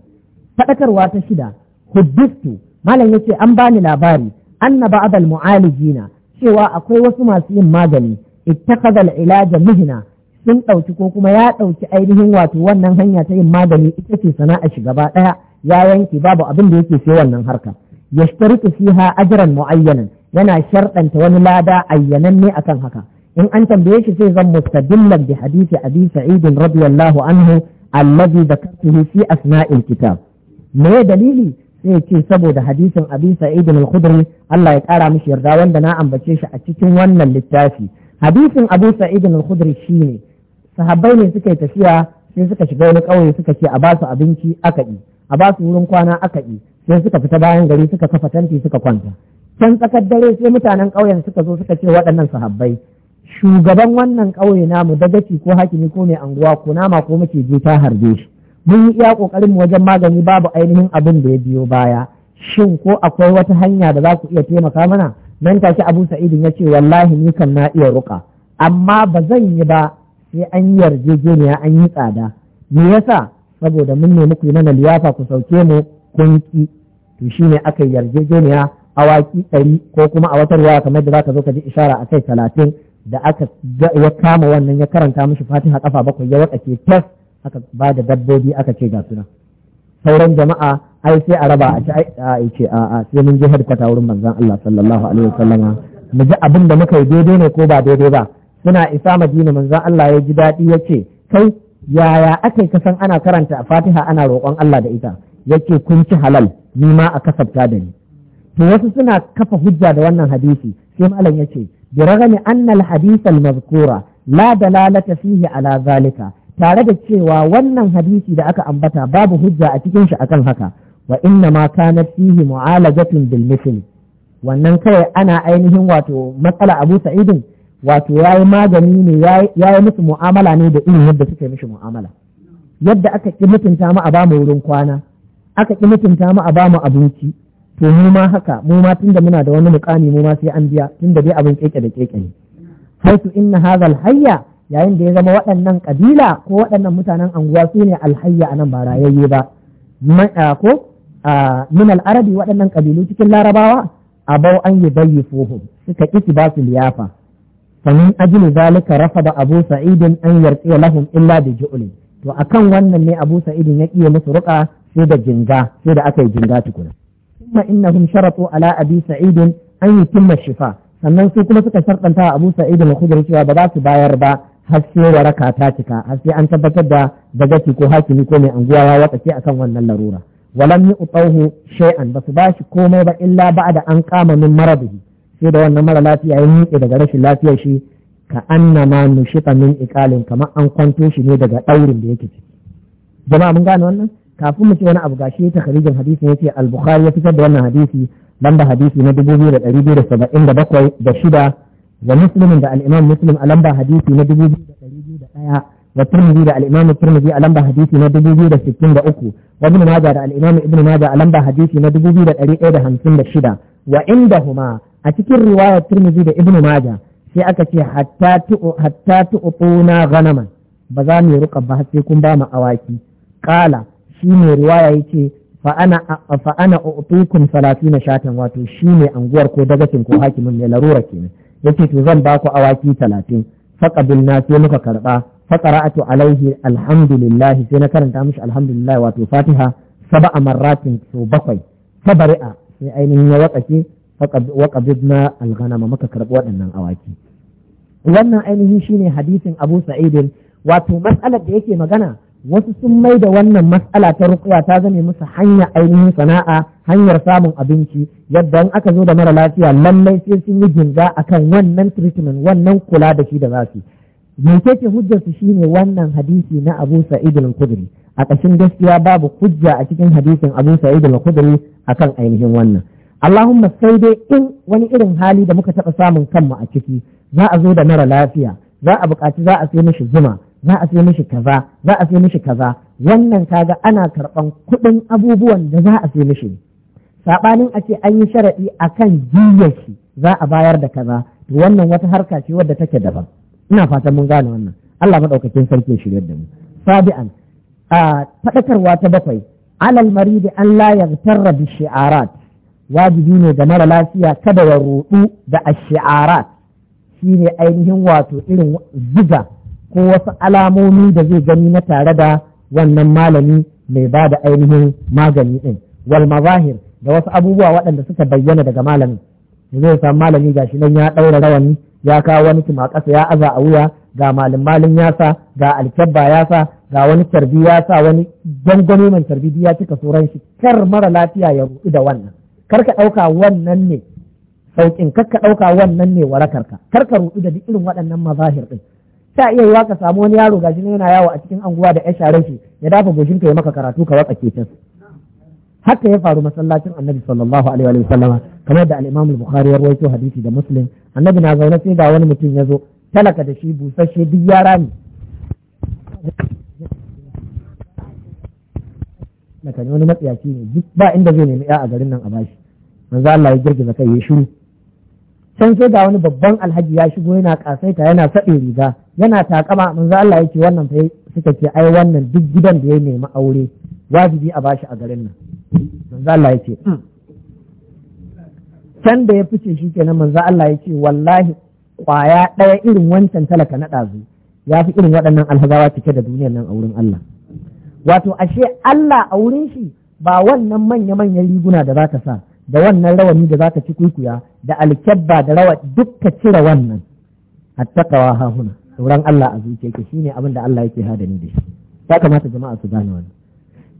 faɗakarwa ta shida huddistu malam ya ce an bani labari anna ba'd al mu'alijina cewa akwai wasu masu yin magani ittakazal al ilaja muhina sun ɗauki ko kuma ya ɗauki ainihin wato wannan hanya ta yin magani ita ce sana'a shi gaba ɗaya ya yanke babu abin da yake sai wannan harka yashtaritu fiha ajran mu'ayyanan yana sharɗanta wani lada ayyananne akan haka in an tambaye shi sai zan mustadillan bi hadisi abi sa'idin radiyallahu anhu alladhi zakartuhu fi asna'il kitab me dalili sai ce saboda hadisin abi sa'id al-khudri Allah ya kara mishi yarda wanda na ambace shi a cikin wannan littafi hadisin abu sa'id al-khudri shine sahabbai ne suka yi tafiya sai suka shiga wani ƙauye suka ce a ba su abinci aka yi a ba su wurin kwana aka yi sai suka fita bayan gari suka kafa tanti suka kwanta can tsakar dare sai mutanen ƙauyen suka zo suka ce waɗannan sahabbai shugaban wannan ƙauye namu dagaci ko hakimi ko mai anguwa ko nama ko muke je ta harbe shi mun yi iya ƙoƙarin wajen magani babu ainihin abin da ya biyo baya shin ko akwai wata hanya da za ku iya taimaka mana nan take abu sa'idin ya ce wallahi ni kan na iya ruka amma ba zan yi ba sai an yi yarjejeniya an yi tsada me yasa saboda mun nemi ku yi mana liyafa ku sauke mu kun ki to shine aka yi yarjejeniya awaki ɗari ko kuma a wata ruwa kamar da za ka zo ka ji ishara a kai talatin da aka ya kama wannan ya karanta mishi fatiha kafa bakwai ya ke tas aka ba da dabbobi aka ce ga suna sauran jama'a ai sai a raba a ci a ce a sai mun je hadkwata wurin manzon Allah sallallahu alaihi wasallama mu ji abin da muka yi daidai ne ko ba daidai ba suna isa madina manzon Allah ya ji daɗi ya ce kai yaya aka ka san ana karanta fatiha ana roƙon Allah da ita yake kun ci halal ni ma a kasafta da ni to wasu suna kafa hujja da wannan hadisi sai malam yace bi ragami anna al hadith al mazkura la dalalata fihi ala zalika tare da cewa wannan hadisi da aka ambata babu hujja a cikin shi akan haka wa inna ma kanat fihi mu'alajatun bil mithl wannan kawai ana ainihin wato matsala Abu Sa'idin wato yayi magani ne yayi musu mu'amala ne da irin yadda suke mishi mu'amala yadda aka ki mutunta mu a bamu wurin kwana aka ki mutunta mu a bamu abinci to mu ma haka mu ma tunda muna da wani mukami mu ma sai an biya tunda dai abin keke da keke ne haitu inna hadha alhayya yayin da ya zama waɗannan kabila ko waɗannan mutanen anguwa su ne alhayya anan ba rayayye ba ko min al'arabi waɗannan kabilu cikin larabawa abau an yi bayyifuhum suka ƙi ba su liyafa famin ajili zalika rafa da abu sa'idin an yarƙiya lahum illa da ju'ulin to akan wannan ne abu sa'idin ya ƙiye musu ruƙa sai da da aka yi ginga tukuna thumma innahum sharatu ala abi sa'id an yutimma shifa sannan su kuma suka sharɗanta abu sa'idu na khudri cewa ba za su bayar ba har sai waraka ta cika har sai an tabbatar da dagati ko hakimi ko mai anguwa ya watsace akan wannan larura walam yu'tahu shay'an basu bashi komai ba illa ba'da an kama min maradihi sai da wannan mara lafiya ya miƙe daga rashin lafiyar shi ka annama nushita min ikalin kamar an kwanto shi ne daga ɗaurin da yake ciki jama'a mun gane wannan kafin mu ci wani abu gashi ya takarijin hadisin ya ce al-bukhari ya fitar da wannan hadisi lamba hadisi na dubu biyu da ɗari biyu da saba'in da bakwai da shida da muslimin da al'imam muslim a lamba hadisi na dubu biyu da ɗari biyu da ɗaya da turmizi da al'imam turmizi a lamba hadisi na dubu biyu da sittin da uku wa ibn maja da al'imam ibn maja a lamba hadisi na dubu biyu da ɗari ɗaya da hamsin da shida wa inda huma a cikin riwayar turmizi da ibn maja sai aka ce hatta tu'tuna ghanaman ba za mu yi ruqa ba sai kun ba mu awaki qala shi ne ruwaya yake fa ana utukun salatina shatan wato shi ne anguwar ko dagacin ko hakimin mai larura kenan yace to zan ba ku awaki talatin faqabil na sai muka karba faqara'atu alaihi alhamdulillah sai na karanta mishi alhamdulillah wato fatiha sab'a marratin to bakwai fabari'a sai ainihin ya watsake waqabidna alghanama muka karbi waɗannan awaki wannan ainihin shine hadisin Abu Sa'idin wato mas'alar da yake magana wasu sun mai da wannan matsala ta rukuya ta zame musu hanya ainihin sana'a hanyar samun abinci yadda in aka zo da mara lafiya lallai sai sun yi ginza akan wannan treatment wannan kula da shi da za su mece ce hujjar su shine wannan hadisi na Abu Sa'id al a ƙashin gaskiya babu hujja a cikin hadisin Abu Sa'id al akan ainihin wannan Allahumma sai dai in wani irin hali da muka taɓa samun kanmu a ciki za a zo da mara lafiya za a buƙaci za a sai mishi zuma za a sai mishi kaza za a sai mishi kaza wannan kaga ana karɓan kuɗin abubuwan da za a sai mishi saɓanin a ce an yi sharaɗi a kan shi za a bayar da kaza to wannan wata harka ce wadda take daban ina fatan mun gane wannan Allah maɗaukakin sarki shiryar da mu sabi'an a faɗakarwa ta bakwai alal maridi an la yaghtarra bi shi'arat wajibi ne ga mara lafiya kada ya rudu da ash shine ainihin wato irin ziga ko wasu alamomi da zai gani na tare da wannan malami mai ba da ainihin magani ɗin wal mazahir da wasu abubuwa waɗanda suka bayyana daga malami zai san malami shi nan ya ɗaura rawani ya kawo wani tuma ƙasa ya aza a wuya ga malin malin ya sa ga alkyabba ya sa ga wani tarbi ya sa wani gangami mai tarbi ya cika sauran shi kar mara lafiya ya ruɗu da wannan kar ka ɗauka wannan ne sauƙin kar ka ɗauka wannan ne warakarka kar ka ruɗu da duk irin waɗannan mazahir ɗin ta iya yiwa ka samu wani yaro gashi ne yana yawo a cikin anguwa da 'yan share shi ya dafa goshin ka ya maka karatu ka watsa kecin haka ya faru masallacin annabi sallallahu alaihi wa sallama kamar da alimamul bukhari ya rawaito hadisi da muslim annabi na zaune sai ga wani mutum ya zo talaka da shi busasshe duk yara ne na wani matsiyaci ne duk ba inda zai nemi ya a garin nan a bashi manzo Allah ya girgiza kai ya shiru can sai ga wani babban alhaji ya shigo yana kasaita yana saɓe riga yana takama manzo Allah yake wannan fa suka ce ai wannan duk gidan da ya nemi aure wajibi a bashi a garin nan manzo Allah yake hmm. can da ya fice shi kenan manzo Allah yake wallahi kwaya ɗaya irin wancan talaka na ɗazu ya fi irin waɗannan alhazawa cike da duniyar nan a wurin Allah wato ashe Allah a wurin shi ba wannan manya-manyan riguna da za ka sa da wannan rawani da ka ci kuikuya da alkyabba da rawa duk ka cire wannan attaqawa hahuna sauran Allah a zuciyarka shine abin da Allah yake hada ni da shi ya kamata jama'a su gane wannan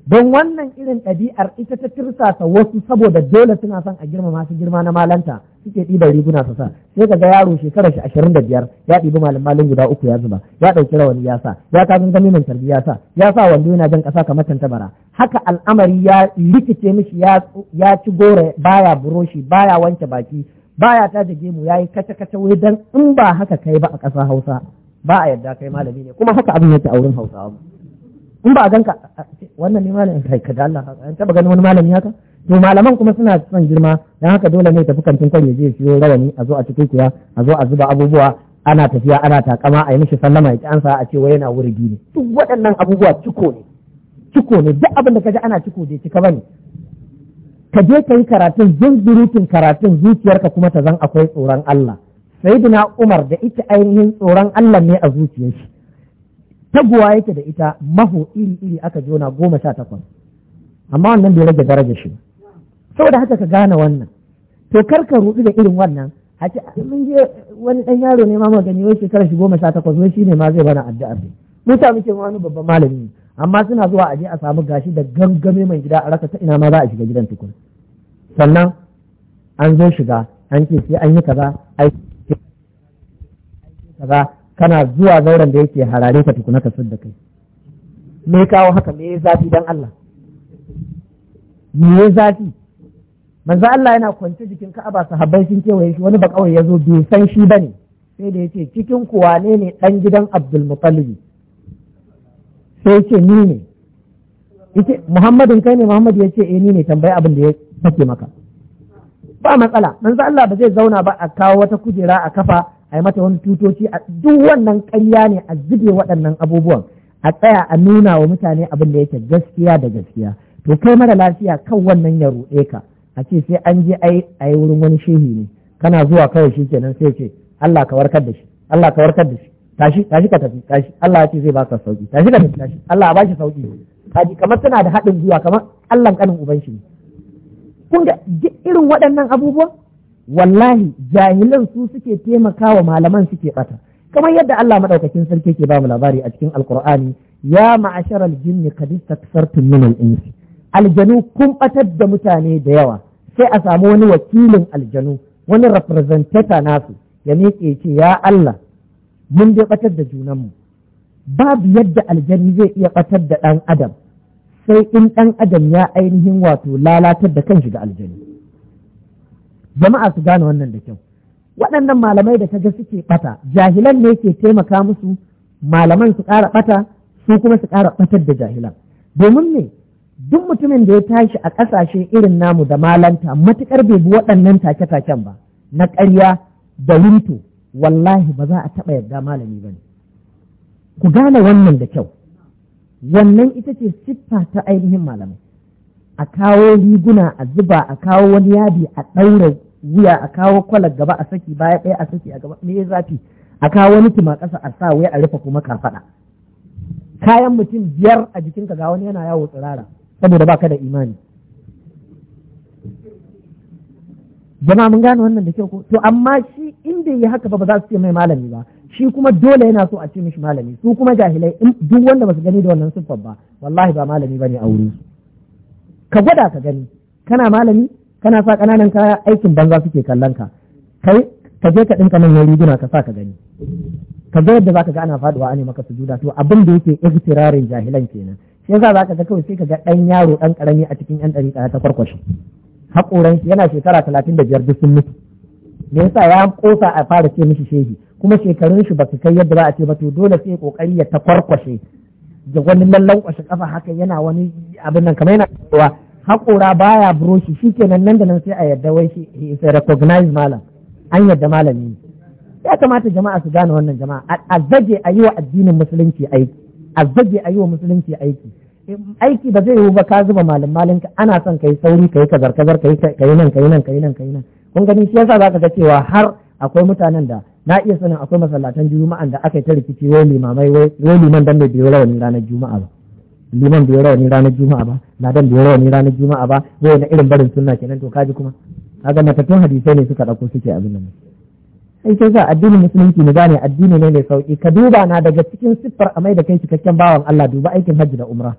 don wannan irin ɗabi'ar ita ta tirsasa wasu saboda dole suna son a girma masu girma na malanta suke ɗiba riguna su sai ka ga yaro shekarar shi ashirin da biyar ya ɗibi malam malin guda uku ya zuba ya ɗauki rawani ya sa ya ta zan gaminan tarbi ya sa ya sa wando yana jan ƙasa kamar bara. haka al'amari ya rikice mishi ya ci gora baya buroshi baya wanke baki baya ta jage mu yayi kace kace wai dan in ba haka kai ba a ƙasa Hausa ba a yadda kai malami ne kuma haka abin yake a wurin Hausawa in ba a ganka wannan ne malamin kai ka Allah an taba ganin wani malami haka to malaman kuma suna son girma dan haka dole ne tafi kantin kwari je siyo rawani a zo a cikin kuya a zo a zuba abubuwa ana tafiya ana takama a yi mishi sallama ya ansa a ce wai yana wurgi ne duk waɗannan abubuwa ciko ne ciko ne duk abin da kaji ana ciko je cika bane ka je ka yi karatun zunzurutun karatun zuciyarka kuma ta zan akwai tsoron Allah sayyidina Umar da ita ainihin tsoron Allah ne a zuciyar shi taguwa yake da ita maho iri iri aka jona goma sha takwas amma wannan bai rage daraja shi saboda haka ka gane wannan to kar ka rubi da irin wannan a ce ah, mun je wani dan yaro ne ma magani wai shekarar shi goma sha takwas wai shine ma zai bana addu'a ne. mun sami muke wani babban malami ne, amma suna zuwa a je a samu gashi da gangame mai gida a raka ta ina ma za a shiga gidan tukun sannan an zo shiga an ce sai an yi kaza ai kaza kana zuwa zauren da yake harare ka tukuna ka da kai me kawo haka me zafi dan Allah me zafi manzo Allah yana kwance jikin Ka'aba sahabbai sun kewaye shi wani bakawai ya zo bai san shi bane sai da yace cikin kuwa ne ne dan gidan Abdul Muttalib sai yace ni ne yace Muhammadin kai ne Muhammad yace eh ni ne tambayi abin da ya sake maka ba matsala manzo Allah ba zai zauna ba a kawo wata kujera a kafa a yi mata wani tutoci a duk wannan ƙarya ne a zube waɗannan abubuwan a tsaya a nuna wa mutane abin da yake gaskiya da gaskiya to kai mara lafiya kan wannan ya ruɗe ka a ce sai an je a yi wurin wani shehi ne kana zuwa kawai shi kenan sai ce Allah ka warkar da shi Allah ka warkar da shi tashi tashi ka tafi tashi Allah ya ce zai baka sauki tashi ka tafi tashi Allah ya bashi sauki kaji kamar tana da haɗin zuwa kamar Allah kanin uban shi kun ga irin waɗannan abubuwa wallahi jahilan su suke taimakawa malaman suke bata kamar yadda Allah madaukakin sarki ke bamu labari a cikin alqur'ani ya ma'ashara aljinni qad istakfartum min al-ins aljanu kun batar da mutane da yawa sai a samu wani wakilin aljanu wani representative nasu ya miƙe ce ya Allah mun dai batar da junanmu babu yadda aljani zai iya batar da ɗan adam sai in ɗan adam ya ainihin wato lalatar da kanshi da aljanu. jama'a su gane wannan da kyau waɗannan malamai da ga suke ɓata jahilan ne ke taimaka musu malaman su ƙara ɓata, su kuma su ƙara ɓatar da jahilan domin ne duk mutumin da ya tashi a ƙasashe irin namu da malanta matuƙar bai bi waɗannan take-taken ba na ƙarya da rinto wallahi ba za a taɓa yarda malami ba ne ku gane wannan da kyau wannan ita ce siffa ta ainihin malamai a kawo riguna a zuba a kawo wani yadi a ɗaura wuya a kawo kwalar gaba a saki baya ɗaya a saki a gaba me ya zafi a kawo wani tuma ƙasa a sa wai a rufe kuma kafaɗa kayan mutum biyar a jikinka ga wani yana yawo tsirara saboda baka da imani jama'a mun gane wannan da kyau ko to amma shi inda yi haka ba ba za su ce mai malami ba shi kuma dole yana so a ce mishi malami su kuma jahilai duk wanda ba su gani da wannan siffar ba wallahi ba malami ba ne a wurin ka gwada ka gani kana malami kana sa ƙananan kaya aikin banza suke kallon ka kai ka je ka ɗinka nan riguna ka sa ka gani ka ga yadda zaka ga ana faduwa ne maka sujuda to abin da yake ihtirarin jahilan kenan shi yasa zaka ga kawai sai ka ga ɗan yaro dan karami a cikin yan dariƙa ta farkwashi haƙoran shi yana shekara talatin da biyar duk sun mutu me yasa ya kosa a fara ce mishi shehi kuma shekarun shi ba su kai yadda za a ce ba to dole sai kokari ya ta kwarkwashe da wani lallan kafa haka yana wani abin nan kamar yana cewa haƙora baya buroshi shi kenan nan da nan sai a yadda wai shi is recognize malam an yadda malami ya kamata jama'a su gane wannan jama'a a zage a yi wa addinin musulunci aiki a zage a yi wa musulunci aiki aiki ba zai yiwu ba ka zuba malam malinka ana son kai sauri kai kazar kazar kai kai nan kai nan kai nan kai nan kun gani shi yasa zaka ga cewa har akwai mutanen da na iya sanin akwai masallatan juma'an da aka yi ta rikici wai limamai wai liman dan bai biyo rawani ranar juma'a ba liman biyo rawani ranar juma'a ba na dan biyo rawani ranar juma'a ba wai na irin barin sunna kenan to kaji kuma kaga matattun hadisai ne suka dauko suke abin nan sai sai sa addinin musulunci ne gane addini ne mai sauki ka duba na daga cikin siffar amai da kai cikakken bawan Allah duba aikin hajji da umra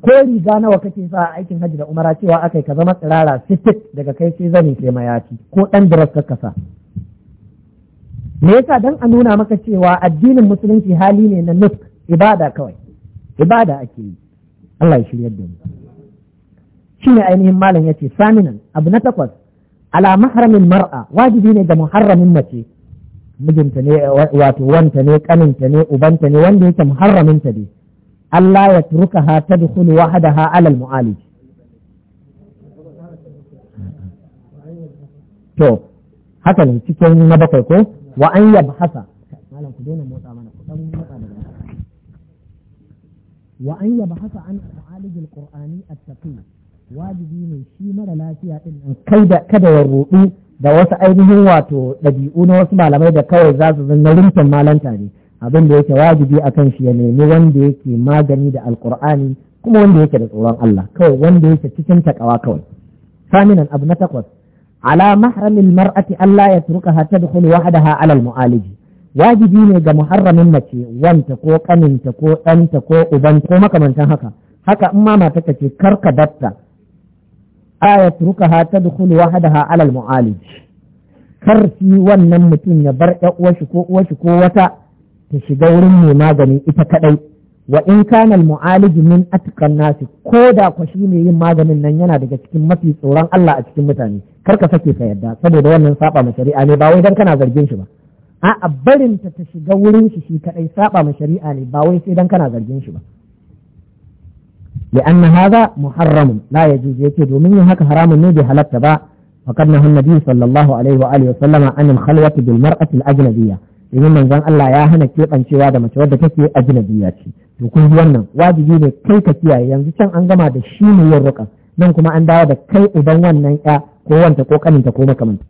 ko riga nawa kake sa a aikin hajji da umara cewa akai ka zama tsirara sitik daga kai sai zani sai mayafi ko ɗan dress ka kasa me yasa dan a nuna maka cewa addinin musulunci hali ne na nusk ibada kawai ibada ake yi Allah ya shirya da mu shine ainihin malam yace saminan abu na takwas ala mahramin mar'a wajibi ne ga muharramin mace mijinta ne wato wanta ne kaninta ne ubanta ne wanda yake muharramin ta dai Allah ya turuka ha ta dukulu wahada ha alal mu'alij. To, haka ne cikin na bakwai ko wa an yabhasa malam ku daina motsa mana ku dan motsa daga wa an yabhasa an al-mu'alij al-qur'ani at-taqi wajibi ne shi mara lafiya din nan kai da kada ya rudu da wasu ainihin wato dabi'u na wasu malamai da kawai za su zanna rumfin malanta ne abin da yake wajibi akan shi ya nemi wanda yake magani da alkur'ani kuma wanda yake da tsoron Allah kawai wanda yake cikin takawa kawai saminan abu na takwas ala mahramil mar'ati Allah ya turka ta dukul wahdaha ala mu'aliji wajibi ne ga muharramin mace wanta ko kaninta ko ɗanta ko uban ko makamantan haka haka in ma mata ce kar ka batta aya turkaha tadkhulu wahdaha ala al mu'alij kar shi wannan mutum ya bar ƴan uwashi ko uwashi ko wata ta shiga wurin mai magani ita kadai wa in kana al min atqan nasi ko da ku shi mai yin maganin nan yana daga cikin mafi tsoron Allah a cikin mutane kar ka sake ka yadda saboda wannan saba ma shari'a ne ba wai dan kana zargin shi ba a'a barin ta ta shiga wurin shi shi kadai saba ma shari'a ne ba wai sai dan kana zargin shi ba لأن هذا محرم لا يجوز يكيد ومن هكا حرام نجي هلت با فقد نهى النبي صلى الله عليه وآله وسلم عن الخلوة بالمرأة الأجنبية domin manzon Allah ya hana keɓancewa da mace wadda take biya ce to kun ji wannan wajibi ne kai ka kiyaye yanzu can an gama da shi ne yin roƙa nan kuma an dawo da kai uban wannan ya ko wanta ko kaninta ko makamanta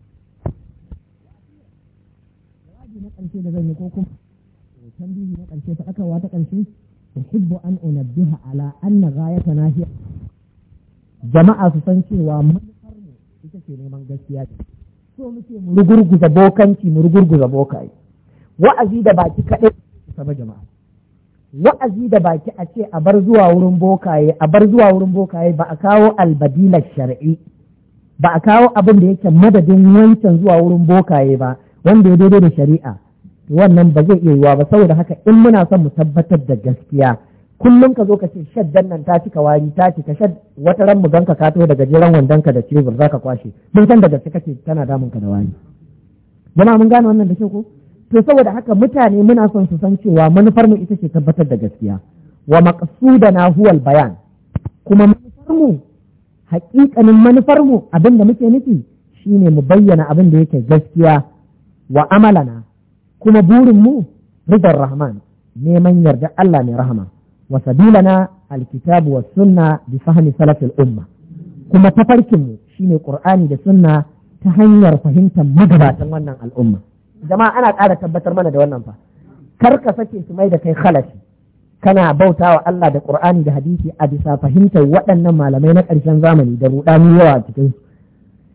ƙarshe jama'a su san cewa manufar mu ita ce neman gaskiya ce so muke mu rugurguza bokanci mu rugurguza bokaye wa'azi da baki kaɗai sama jama'a wa'azi da baki a ce a bar zuwa wurin bokaye a bar zuwa wurin bokaye ba a kawo albadilar shar'i ba a kawo abin da yake madadin wancan zuwa wurin bokaye ba wanda ya daidai da shari'a wannan ba zai iya yiwa ba saboda haka in muna son mu tabbatar da gaskiya kullum ka zo ka ce shaddan nan ta cika wari ta cika shad wata ran mu ganka ka to daga jiran wandanka da cebur zaka kwashe mun san da gaske kake tana damun ka da wari jama'a mun gane wannan da kyau ko to saboda haka mutane muna son su san cewa manufar mu ita ce tabbatar da gaskiya wa maqsudana huwal bayan kuma manufar mu haƙiƙanin manufar mu abin da muke nufi shine mu bayyana abin da yake gaskiya wa amalana kuma burin mu ridar rahman neman yarda Allah mai rahama wa sabilana alkitabu was sunna bi fahmi salafil umma kuma tafarkin mu shine qur'ani da sunna ta hanyar fahimtar magabatan wannan al'umma jama'a ana ƙara tabbatar mana da wannan fa kar ka sake su mai da kai khalafi kana bautawa Allah da Qur'ani da hadisi a bisa fahimtar waɗannan malamai na ƙarshen zamani da rudani yawa a cikin su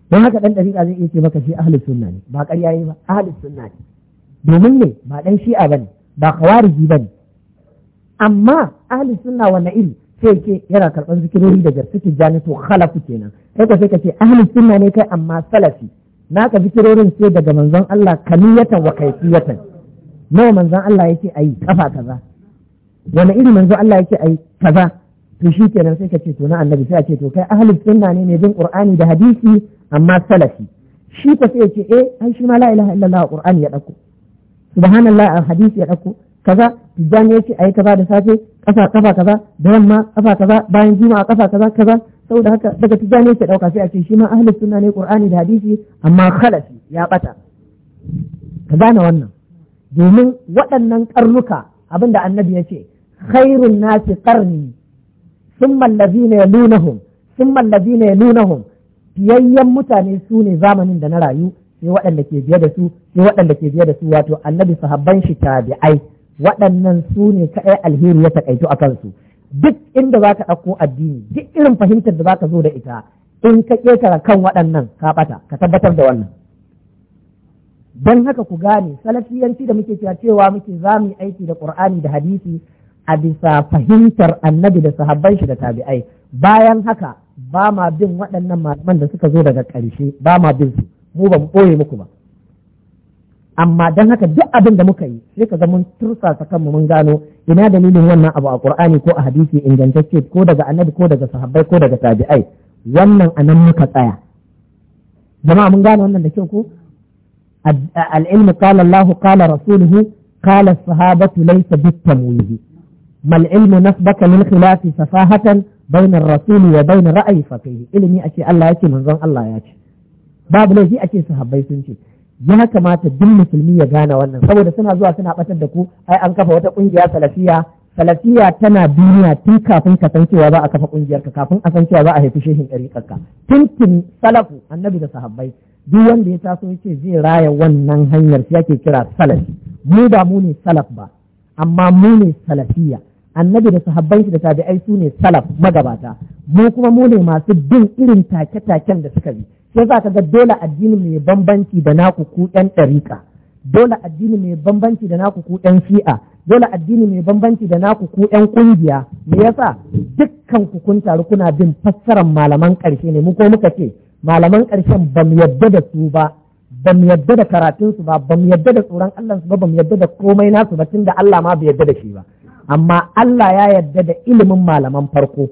don haka ɗan ɗariƙa zai iya ce maka shi ahlus sunna ne ba ƙarya yi ba ahlus sunna ne domin ne ba ɗan shi'a bane ba khawariji bane amma ahlus sunna wannan iri sai yana karɓar zikirori daga suke jani to khalafu kenan kai ka sai ka ce ahlus sunna ne kai amma salafi Na ka naka zikirorin ce daga manzon Allah kaniyatan wa kaifiyatan nawa manzon Allah yake ayi kafa kaza wani iri manzon Allah yake ayi kaza to shi kenan sai ka ce to na annabi sai a ce to kai ahlus sunna ne mai bin qur'ani da hadisi amma salafi shi ka sai ya ce eh ai shi ma la ilaha illallah qur'ani ya dauko subhanallah hadisi ya dauko kaza tijjani ya ce ayi kaza da safe kafa kafa kaza da yamma kafa kaza bayan juma'a kafa kaza kaza saboda haka daga tijani ke dauka sai a ce shi ma ahli sunna ne qur'ani da hadisi amma khalafi ya bata ka gane wannan domin waɗannan karnuka abinda annabi ya ce khairun nasi qarni thumma allazina yalunahum thumma allazina yalunahum yayyan mutane su ne zamanin da na rayu sai waɗanda ke biye da su sai waɗanda ke biye da su wato annabi sahabban shi tabi'ai waɗannan su ne kaɗai alheri ya taƙaito a kansu duk inda za ka ɗauko addini duk irin fahimtar da za ka zo da ita in ka ƙetara kan waɗannan ka ɓata ka tabbatar da wannan don haka ku gane salafiyanci da muke cewa cewa muke za mu yi aiki da ƙur'ani da hadisi a bisa fahimtar annabi da sahabban shi da tabi'ai bayan haka ba ma bin waɗannan malaman da suka zo daga ƙarshe ba ma bin su mu ba mu ɓoye muku ba amma dan haka duk abin da muka yi sai ka ga mun tursa kanmu mun gano ina dalilin wannan abu a Qur'ani ko a hadisi ingantacce ko daga annabi ko daga sahabbai ko daga tabi'ai wannan anan muka tsaya jama'a mun gano wannan da kyau ko al-ilmu qala Allah qala rasuluhu qala sahabatu laysa bitamwihi mal ilmu nasbaka min khilafi safahatan bayna ar-rasul wa bayna ra'yi faqih ilmi ake Allah yake manzon Allah ya ce babu laifi ake sahabbai sun ce ya kamata duk musulmi ya gane wannan saboda suna zuwa suna batar da ku ai an kafa wata kungiya salafiya salafiya tana duniya tun kafin ka san cewa za a kafa kungiyar ka kafin a san cewa za a haifi shehin ɗariƙar tun tuntun salafu annabi da sahabbai duk wanda ya taso ya ce zai raya wannan hanyar shi ake kira salafi mu ba mu ne salaf ba amma mu ne salafiya annabi da sahabban shi da tabi'ai su ne salaf magabata mu kuma mu ne masu bin irin take-taken da suka bi sai za ka ga dole addini mai bambanci da naku ku ɗan ɗariƙa dole addini mai bambanci da naku ku ɗan shi'a dole addini mai bambanci da naku ku ɗan ƙungiya me yasa dukkan ku kun taru kuna bin fassarar malaman ƙarshe ne mu ko muka ce malaman ƙarshen ba mu yadda da su ba ba mu yadda da karatunsu ba ba mu yadda da tsoron Allah su ba ba mu yadda da komai nasu ba tunda Allah ma bai yadda da shi ba amma Allah ya yarda da ilimin malaman farko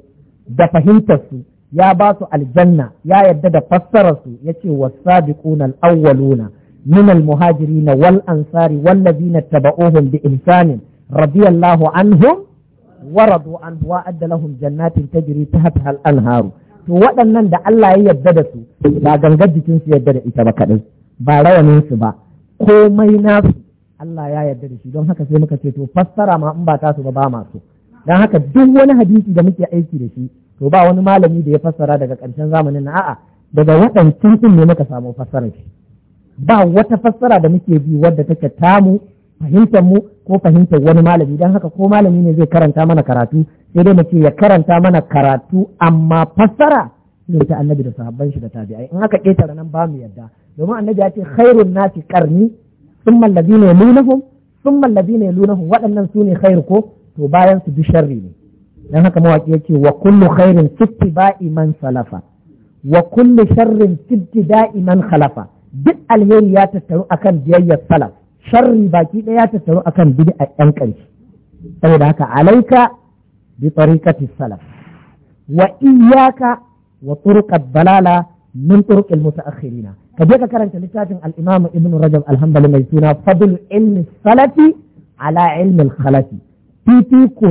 da fahimtarsu ya ba su aljanna ya yarda da fassararsu ya ce wasabiquna al-awwaluna min al-muhajirin wal ansari wallazina taba'uhum bi ihsanin radiyallahu anhum wa radu an wa adda jannatin tajri tahtaha al-anharu to waɗannan da Allah ya yarda da su ba gangar jikinsu yarda da ita ba kadai ba rawanin su ba komai nasu Allah ya yarda da shi don haka sai muka ce to fassara ma in ba tasu ba ba masu don haka duk wani hadisi da muke aiki da shi to ba wani malami da ya fassara daga ƙarshen zamanin na a'a daga waɗancan ɗin ne muka samu fassarar shi ba wata fassara da muke bi wadda take mu fahimtar mu ko fahimtar wani malami don haka ko malami ne zai karanta mana karatu sai dai mace ya karanta mana karatu amma fassara ne ta annabi da sahabban shi da tabi'ai in aka ƙetare nan ba mu yadda domin annabi ya ce khairun nasi karni thumma alladhina yalunhum thumma waɗannan su ne ko to bayan su bi sharri ne dan haka mawaki yace wa kullu khairin fittiba'i man salafa wa kullu sharrin fittida'i man khalafa duk alheri ya tattaru akan biyayyar salaf sharri baki ɗaya ya tattaru akan a ɗan ƙarshe saboda haka alaika bi tariqati salaf wa iyyaka wa turuqat balala min turuqil na, ka je ka karanta littafin al-imam ibn rajab al mai suna fadl ilmi salafi ala ilmi al-khalafi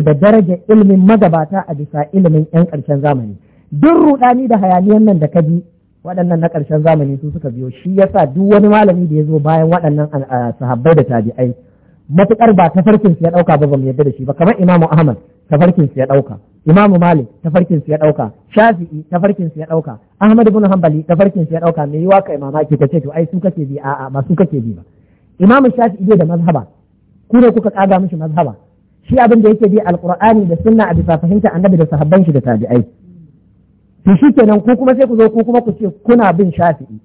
da daraja ilmin magabata a bisa ilimin yan ƙarshen zamani duk rudani da hayaniyan nan da ka ji waɗannan na ƙarshen zamani su suka biyo shi yasa duk wani malami da ya zo bayan waɗannan sahabbai da tabi'ai matuƙar ba tafarkin su ya ɗauka ba mu yarda da shi ba kamar Imam ahmad tafarkin su ya ɗauka imamu malik tafarkin su ya dauka shafi'i tafarkin su ya dauka ahmad ibn hanbali tafarkin su ya dauka me yiwa kai mamaki ce to ai su kake bi a'a ba su kake bi ba imamu shafi'i bai da mazhaba ku ne kuka kaga mishi mazhaba shi abin da yake bi alqur'ani da sunna a bisa fahimta annabi da sahabban shi da tabi'ai to shi kenan ku kuma sai ku zo ku kuma ku ce kuna bin shafi'i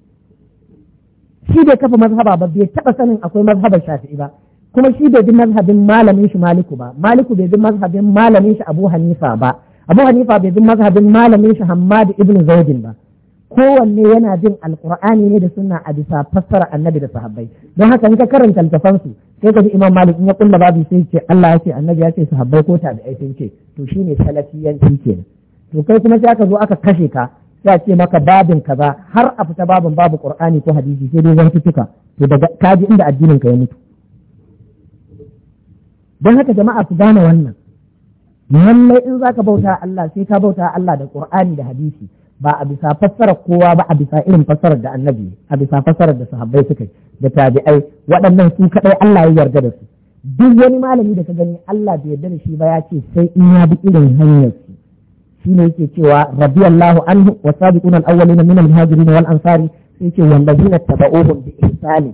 shi bai kafa mazhaba ba bai taba sanin akwai mazhabar shafi'i ba kuma shi bai ji mazhabin malamin shi maliku ba maliku bai ji mazhabin malamin shi abu hanifa ba abu hanifa bai ji mazhabin malamin shi hammad ibn zaidin ba kowanne yana jin alkur'ani ne da sunna a bisa fassara annabi da sahabbai don haka in ka karanta littafan su sai ka ji imam malik in ya kulla babu sai ce Allah ya ce annabi ya ce sahabbai ko tabi'ai sun ce to shine salafiyanci kenan to kai kuma sai aka zo aka kashe ka sai ce maka babin kaza har a fita babin babu qur'ani ko hadisi sai dai zan tuka to daga kaji inda addinin ka ya mutu don haka jama'a su gane wannan lallai in zaka bauta Allah sai ka bauta Allah da Qur'ani da hadisi ba a bisa fassarar kowa ba a bisa irin fassarar da annabi a bisa fassarar da sahabbai suka yi da tabi'ai waɗannan su kaɗai Allah ya yarda da su duk wani malami da ka gani Allah bai yarda da shi ba ya ce sai in ya bi irin hanyar su shi ne yake cewa radiyallahu anhu wa sabiqun al-awwalina min al-muhajirin wal ansari sai ce wallazina tabauhum bi ihsani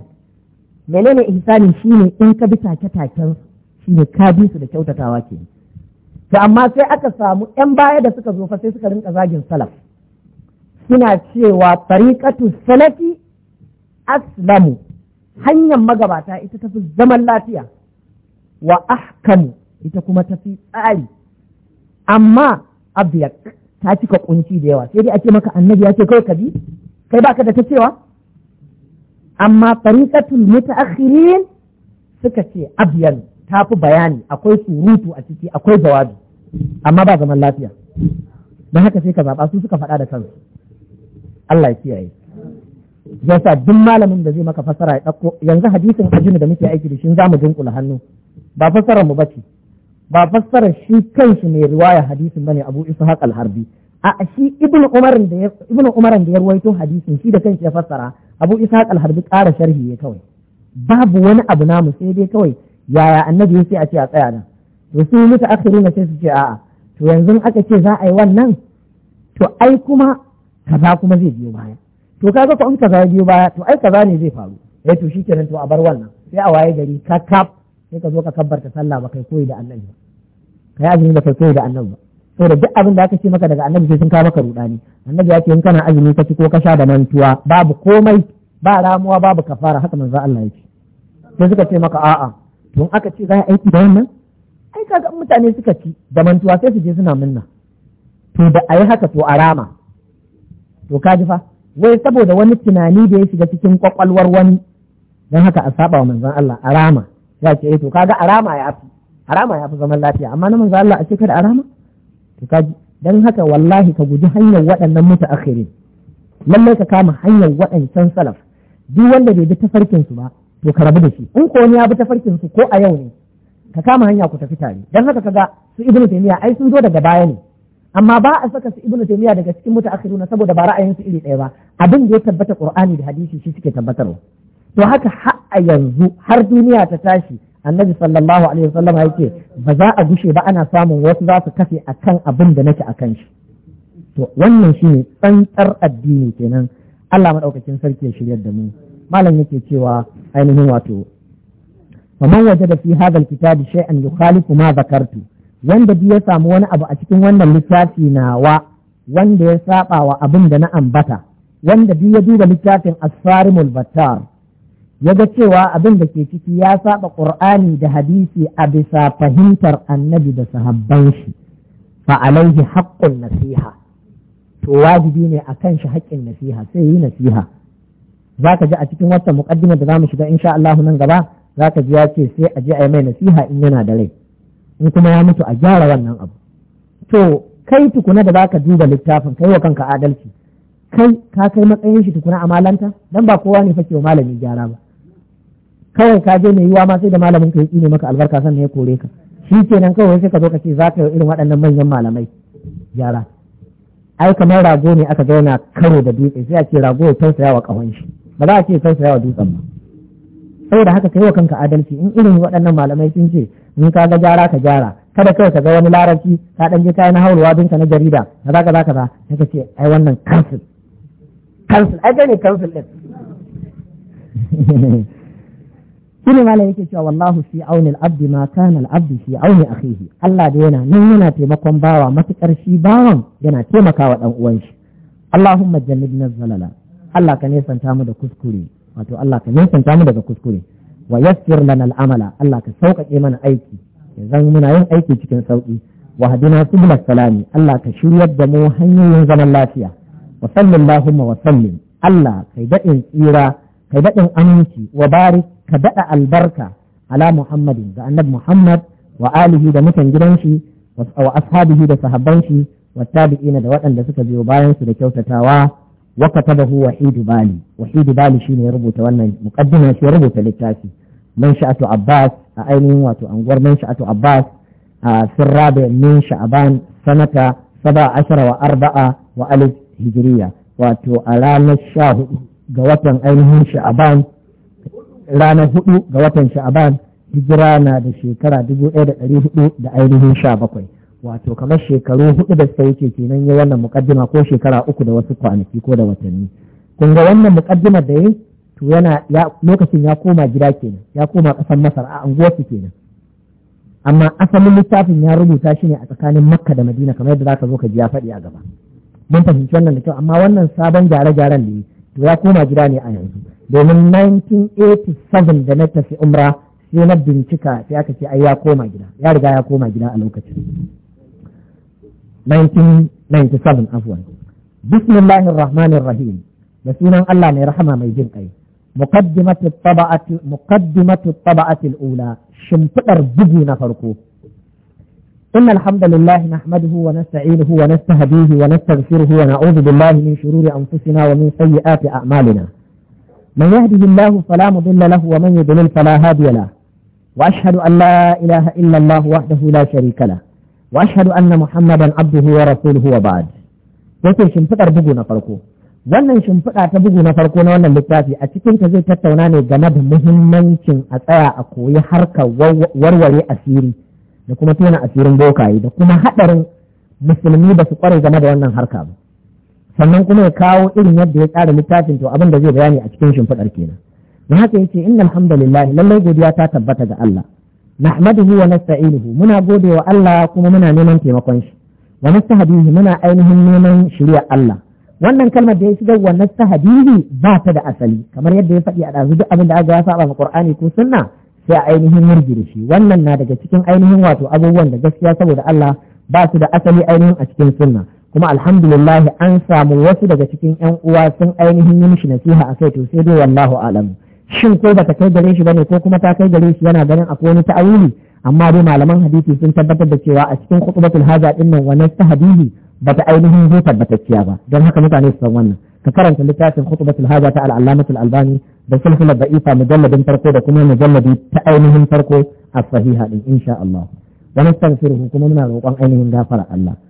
menene ihsani shine in ka bi take takensu? shi ka bi da kyautatawa ke to amma sai aka samu yan baya da suka zo fa sai suka rinka zagin salaf suna cewa tariqatu salafi aslamu hanyar magabata ita tafi zaman lafiya wa ahkamu ita kuma tafi tsari amma abiyak ta cika kunci da yawa sai dai ake maka annabi ya ce kai ka bi kai baka da ta cewa amma tariqatul mutaakhirin suka ce abyan ta fi bayani akwai surutu a ciki akwai jawabi amma ba zaman lafiya don haka sai ka zaɓa su suka faɗa da kansu Allah ya kiyaye yasa duk malamin da zai maka fasara ya ɗauko yanzu hadisin ajinu da muke aiki da shi za mu dunkula hannu ba fassarar mu ba ce ba fassarar shi kansu mai riwaya hadisin bane Abu Ishaq al-Harbi a shi ibnu umar da ya ibnu umar da ya ruwaito hadisin shi da kanshi ya fassara Abu Ishaq al-Harbi ƙara sharhi ne kawai babu wani abu namu sai dai kawai yaya annabi yake a ce a tsaya nan to su mutu na sai su ce a'a to yanzu aka ce za a yi wannan to ai kuma kaza kuma zai biyo baya to kaga ko in kaza biyo baya to ai kaza ne zai faru eh to shikenan to a bar wannan sai a waye gari ka kap sai ka zo ka kabbarta sallah ba kai koyi da annabi ba kai azumi ba kai koyi da annabi ba saboda duk abin da aka ce maka daga annabi sai sun kawo maka rudani annabi ya ce in kana azumi ka ci ko ka sha da mantuwa babu komai ba ramuwa babu kafara haka manzo Allah ya ce sai suka ce maka a'a don aka ce za a aiki da wannan ai kaga mutane suka ci da mantuwa sai su je suna minna to da a yi haka to a rama to ka ji fa wai saboda wani tunani da ya shiga cikin kwakwalwar wani don haka a saba wa manzon Allah a rama ya ce eh, to kaga a rama ya fi a rama ya fi zaman lafiya amma na manzon Allah a ce kada a rama to kaji ji don haka wallahi ka guji hanyar waɗannan mutaakhirin lallai ka kama hanyar waɗancan salaf duk wanda bai bi tafarkin su ba to rabu da shi in ko wani ya bi tafarkin su ko a yau ne ka kama hanya ku tafi tare dan haka kaga su ibnu taymiya ai sun zo daga baya ne amma ba a saka su ibnu taymiya daga cikin mutaakhiruna saboda ba ra'ayin su iri ɗaya ba abin da ya tabbata qur'ani da hadisi shi suke tabbatarwa to haka har a yanzu har duniya ta tashi annabi sallallahu alaihi wasallam yake ba za a gushe ba ana samun wasu za su kafe akan abin da nake akan shi to wannan shine tsantsar addini kenan Allah madaukakin sarki ya shiryar da mu malam yake cewa ainihin wato Kamar waje da fi hadal kitabi shay'an yukhalifu ma zakartu wanda bi ya samu wani abu a cikin wannan littafi nawa wanda ya saba wa abin da na ambata wanda bi ya duba littafin asfarimul battar ya ga cewa abin da ke ciki ya saba qur'ani da hadisi a bisa fahimtar annabi da sahabban shi fa alaihi haqqun nasiha to wajibi ne akan shi haƙƙin nasiha sai yi nasiha za ka ji a cikin wata muƙaddimar da za mu shiga insha Allah nan gaba za ka ji ya ce sai a je a yi mai nasiha in yana da rai in kuma ya mutu a gyara wannan abu to kai tukuna da za ka duba littafin kai wa kanka adalci kai ka kai matsayin shi tukuna a malanta dan ba kowa ne fake wa malami gyara ba kawai ka je mai yiwa ma sai da malamin ka ya tsine maka albarka sannan ya kore ka shi kenan kawai sai ka zo ka ce za ka yi irin waɗannan manyan malamai gyara ai kamar rago ne aka zauna karo da dutse sai a ce rago ya tausaya wa ƙahon shi ba za a ce tausaya wa dutsen ba saboda haka kai wa kanka adalci in irin waɗannan malamai sun ce in ka ga gyara ka gyara kada kai ka ga wani larabci ka dan je kai na haurwa na jarida za ka kaza sai ka ce ai wannan kansil kansil ai gani kansil ɗin. shine malam yake cewa wallahu fi auni al ma kana al fi auni akhihi Allah da yana nan yana taimakon bawa matukar shi bawan yana taimakawa dan uwan shi Allahumma jannibna zalala Allah ka nesanta mu da kuskure wato Allah ka nesanta mu daga kuskure wa yassir lana al'amala Allah ka sauƙaƙe mana aiki yanzu muna yin aiki cikin sauƙi wa hadina subula salami Allah ka shiryar da mu hanyoyin zaman lafiya wa sallallahu wa sallim Allah kai daɗin tsira kai daɗin aminci wa barik ka daɗa albarka ala Muhammadin ga annabi Muhammad wa alihi da mutan gidan shi wa ashabihi da sahabban shi wa tabi'ina da waɗanda suka biyo bayan su da kyautatawa wa katabahu wahid bali wahid bali shine ya rubuta wannan muqaddima shi ya rubuta littafi man sha'atu abbas a ainihin wato anguwar man sha'atu abbas a sirrabe min sha'aban sanata saba ashara wa arba'a wa alif hijiriya wato a ranar sha hudu ga watan ainihin sha'aban hijira na da shekara dubu ɗaya da ɗari hudu da ainihin sha bakwai wato kamar shekaru hudu da suka wuce kenan ya wannan mukaddima ko shekara uku da wasu kwanaki ko da watanni kun ga wannan mukaddima da ya to yana lokacin ya koma gida kenan ya koma kasar masar a anguwarsu kenan amma asalin littafin ya rubuta shi ne a tsakanin makka da madina kamar yadda zaka zo ka ji ya faɗi a gaba mun fahimci wannan da kyau amma wannan sabon gyare-gyaren ne to ya koma gida ne a yanzu domin 1987 da na tafi umra sai na bincika sai aka ce ai ya koma gida ya riga ya koma gida a lokacin 1997 afwan bismillahir rahmanir rahim da sunan Allah mai rahama mai jin kai muqaddimatu taba'ati muqaddimatu taba'ati shimfidar bugu na farko إن الحمد لله نحمده ونستعينه ونستهديه ونستغفره ونعوذ بالله من شرور أنفسنا ومن سيئات أعمالنا من يهده الله فلا مضل له ومن يضلل فلا هادي له وأشهد أن لا إله إلا الله وحده لا شريك له واشهد ان محمدا عبده ورسوله وبعد yake shimfiɗar bugu na farko wannan shimfiɗa ta bugu na farko na wannan littafi a cikin ta zai tattauna ne game da muhimmancin a tsaya a koyi harkar warware asiri da kuma tona asirin bokaye da kuma haɗarin musulmi ba su kware game da wannan harka ba sannan kuma ya kawo irin yadda ya tsara littafin to abin da zai bayani a cikin shimfiɗar kenan don haka yace inna alhamdulillah lallai godiya ta tabbata ga Allah nahmaduhu muna gode wa Allah kuma muna neman taimakon shi wa nastahdihi muna ainihin neman shirya Allah wannan kalmar da ya shigar wa nastahdihi ba ta da asali kamar yadda ya faɗi a ɗazu duk abin da aka ya saba ma ko sunna sai ainihin murji shi wannan na daga cikin ainihin wato abubuwan da gaskiya saboda Allah ba su da asali ainihin a cikin sunna kuma alhamdu alhamdulillah an samu wasu daga cikin yan uwa sun ainihin yi mishi nasiha a kai to sai dai wallahu alam shin ko bata kai gare shi bane ko kuma ta kai gare shi yana ganin akwai wani ta'awili amma dai malaman hadisi sun tabbatar da cewa a cikin khutbatul haja din nan wannan tahdihi bata ainihin zo tabbatacciya ba don haka mutane su san wannan ka karanta littafin khutbatul haja ta al-allamatul albani da silsilar da'ifa mujalladin farko da kuma mujalladi ta ainihin farko a sahiha din insha Allah wa nastaghfiruhu kuma muna roƙon ainihin gafara Allah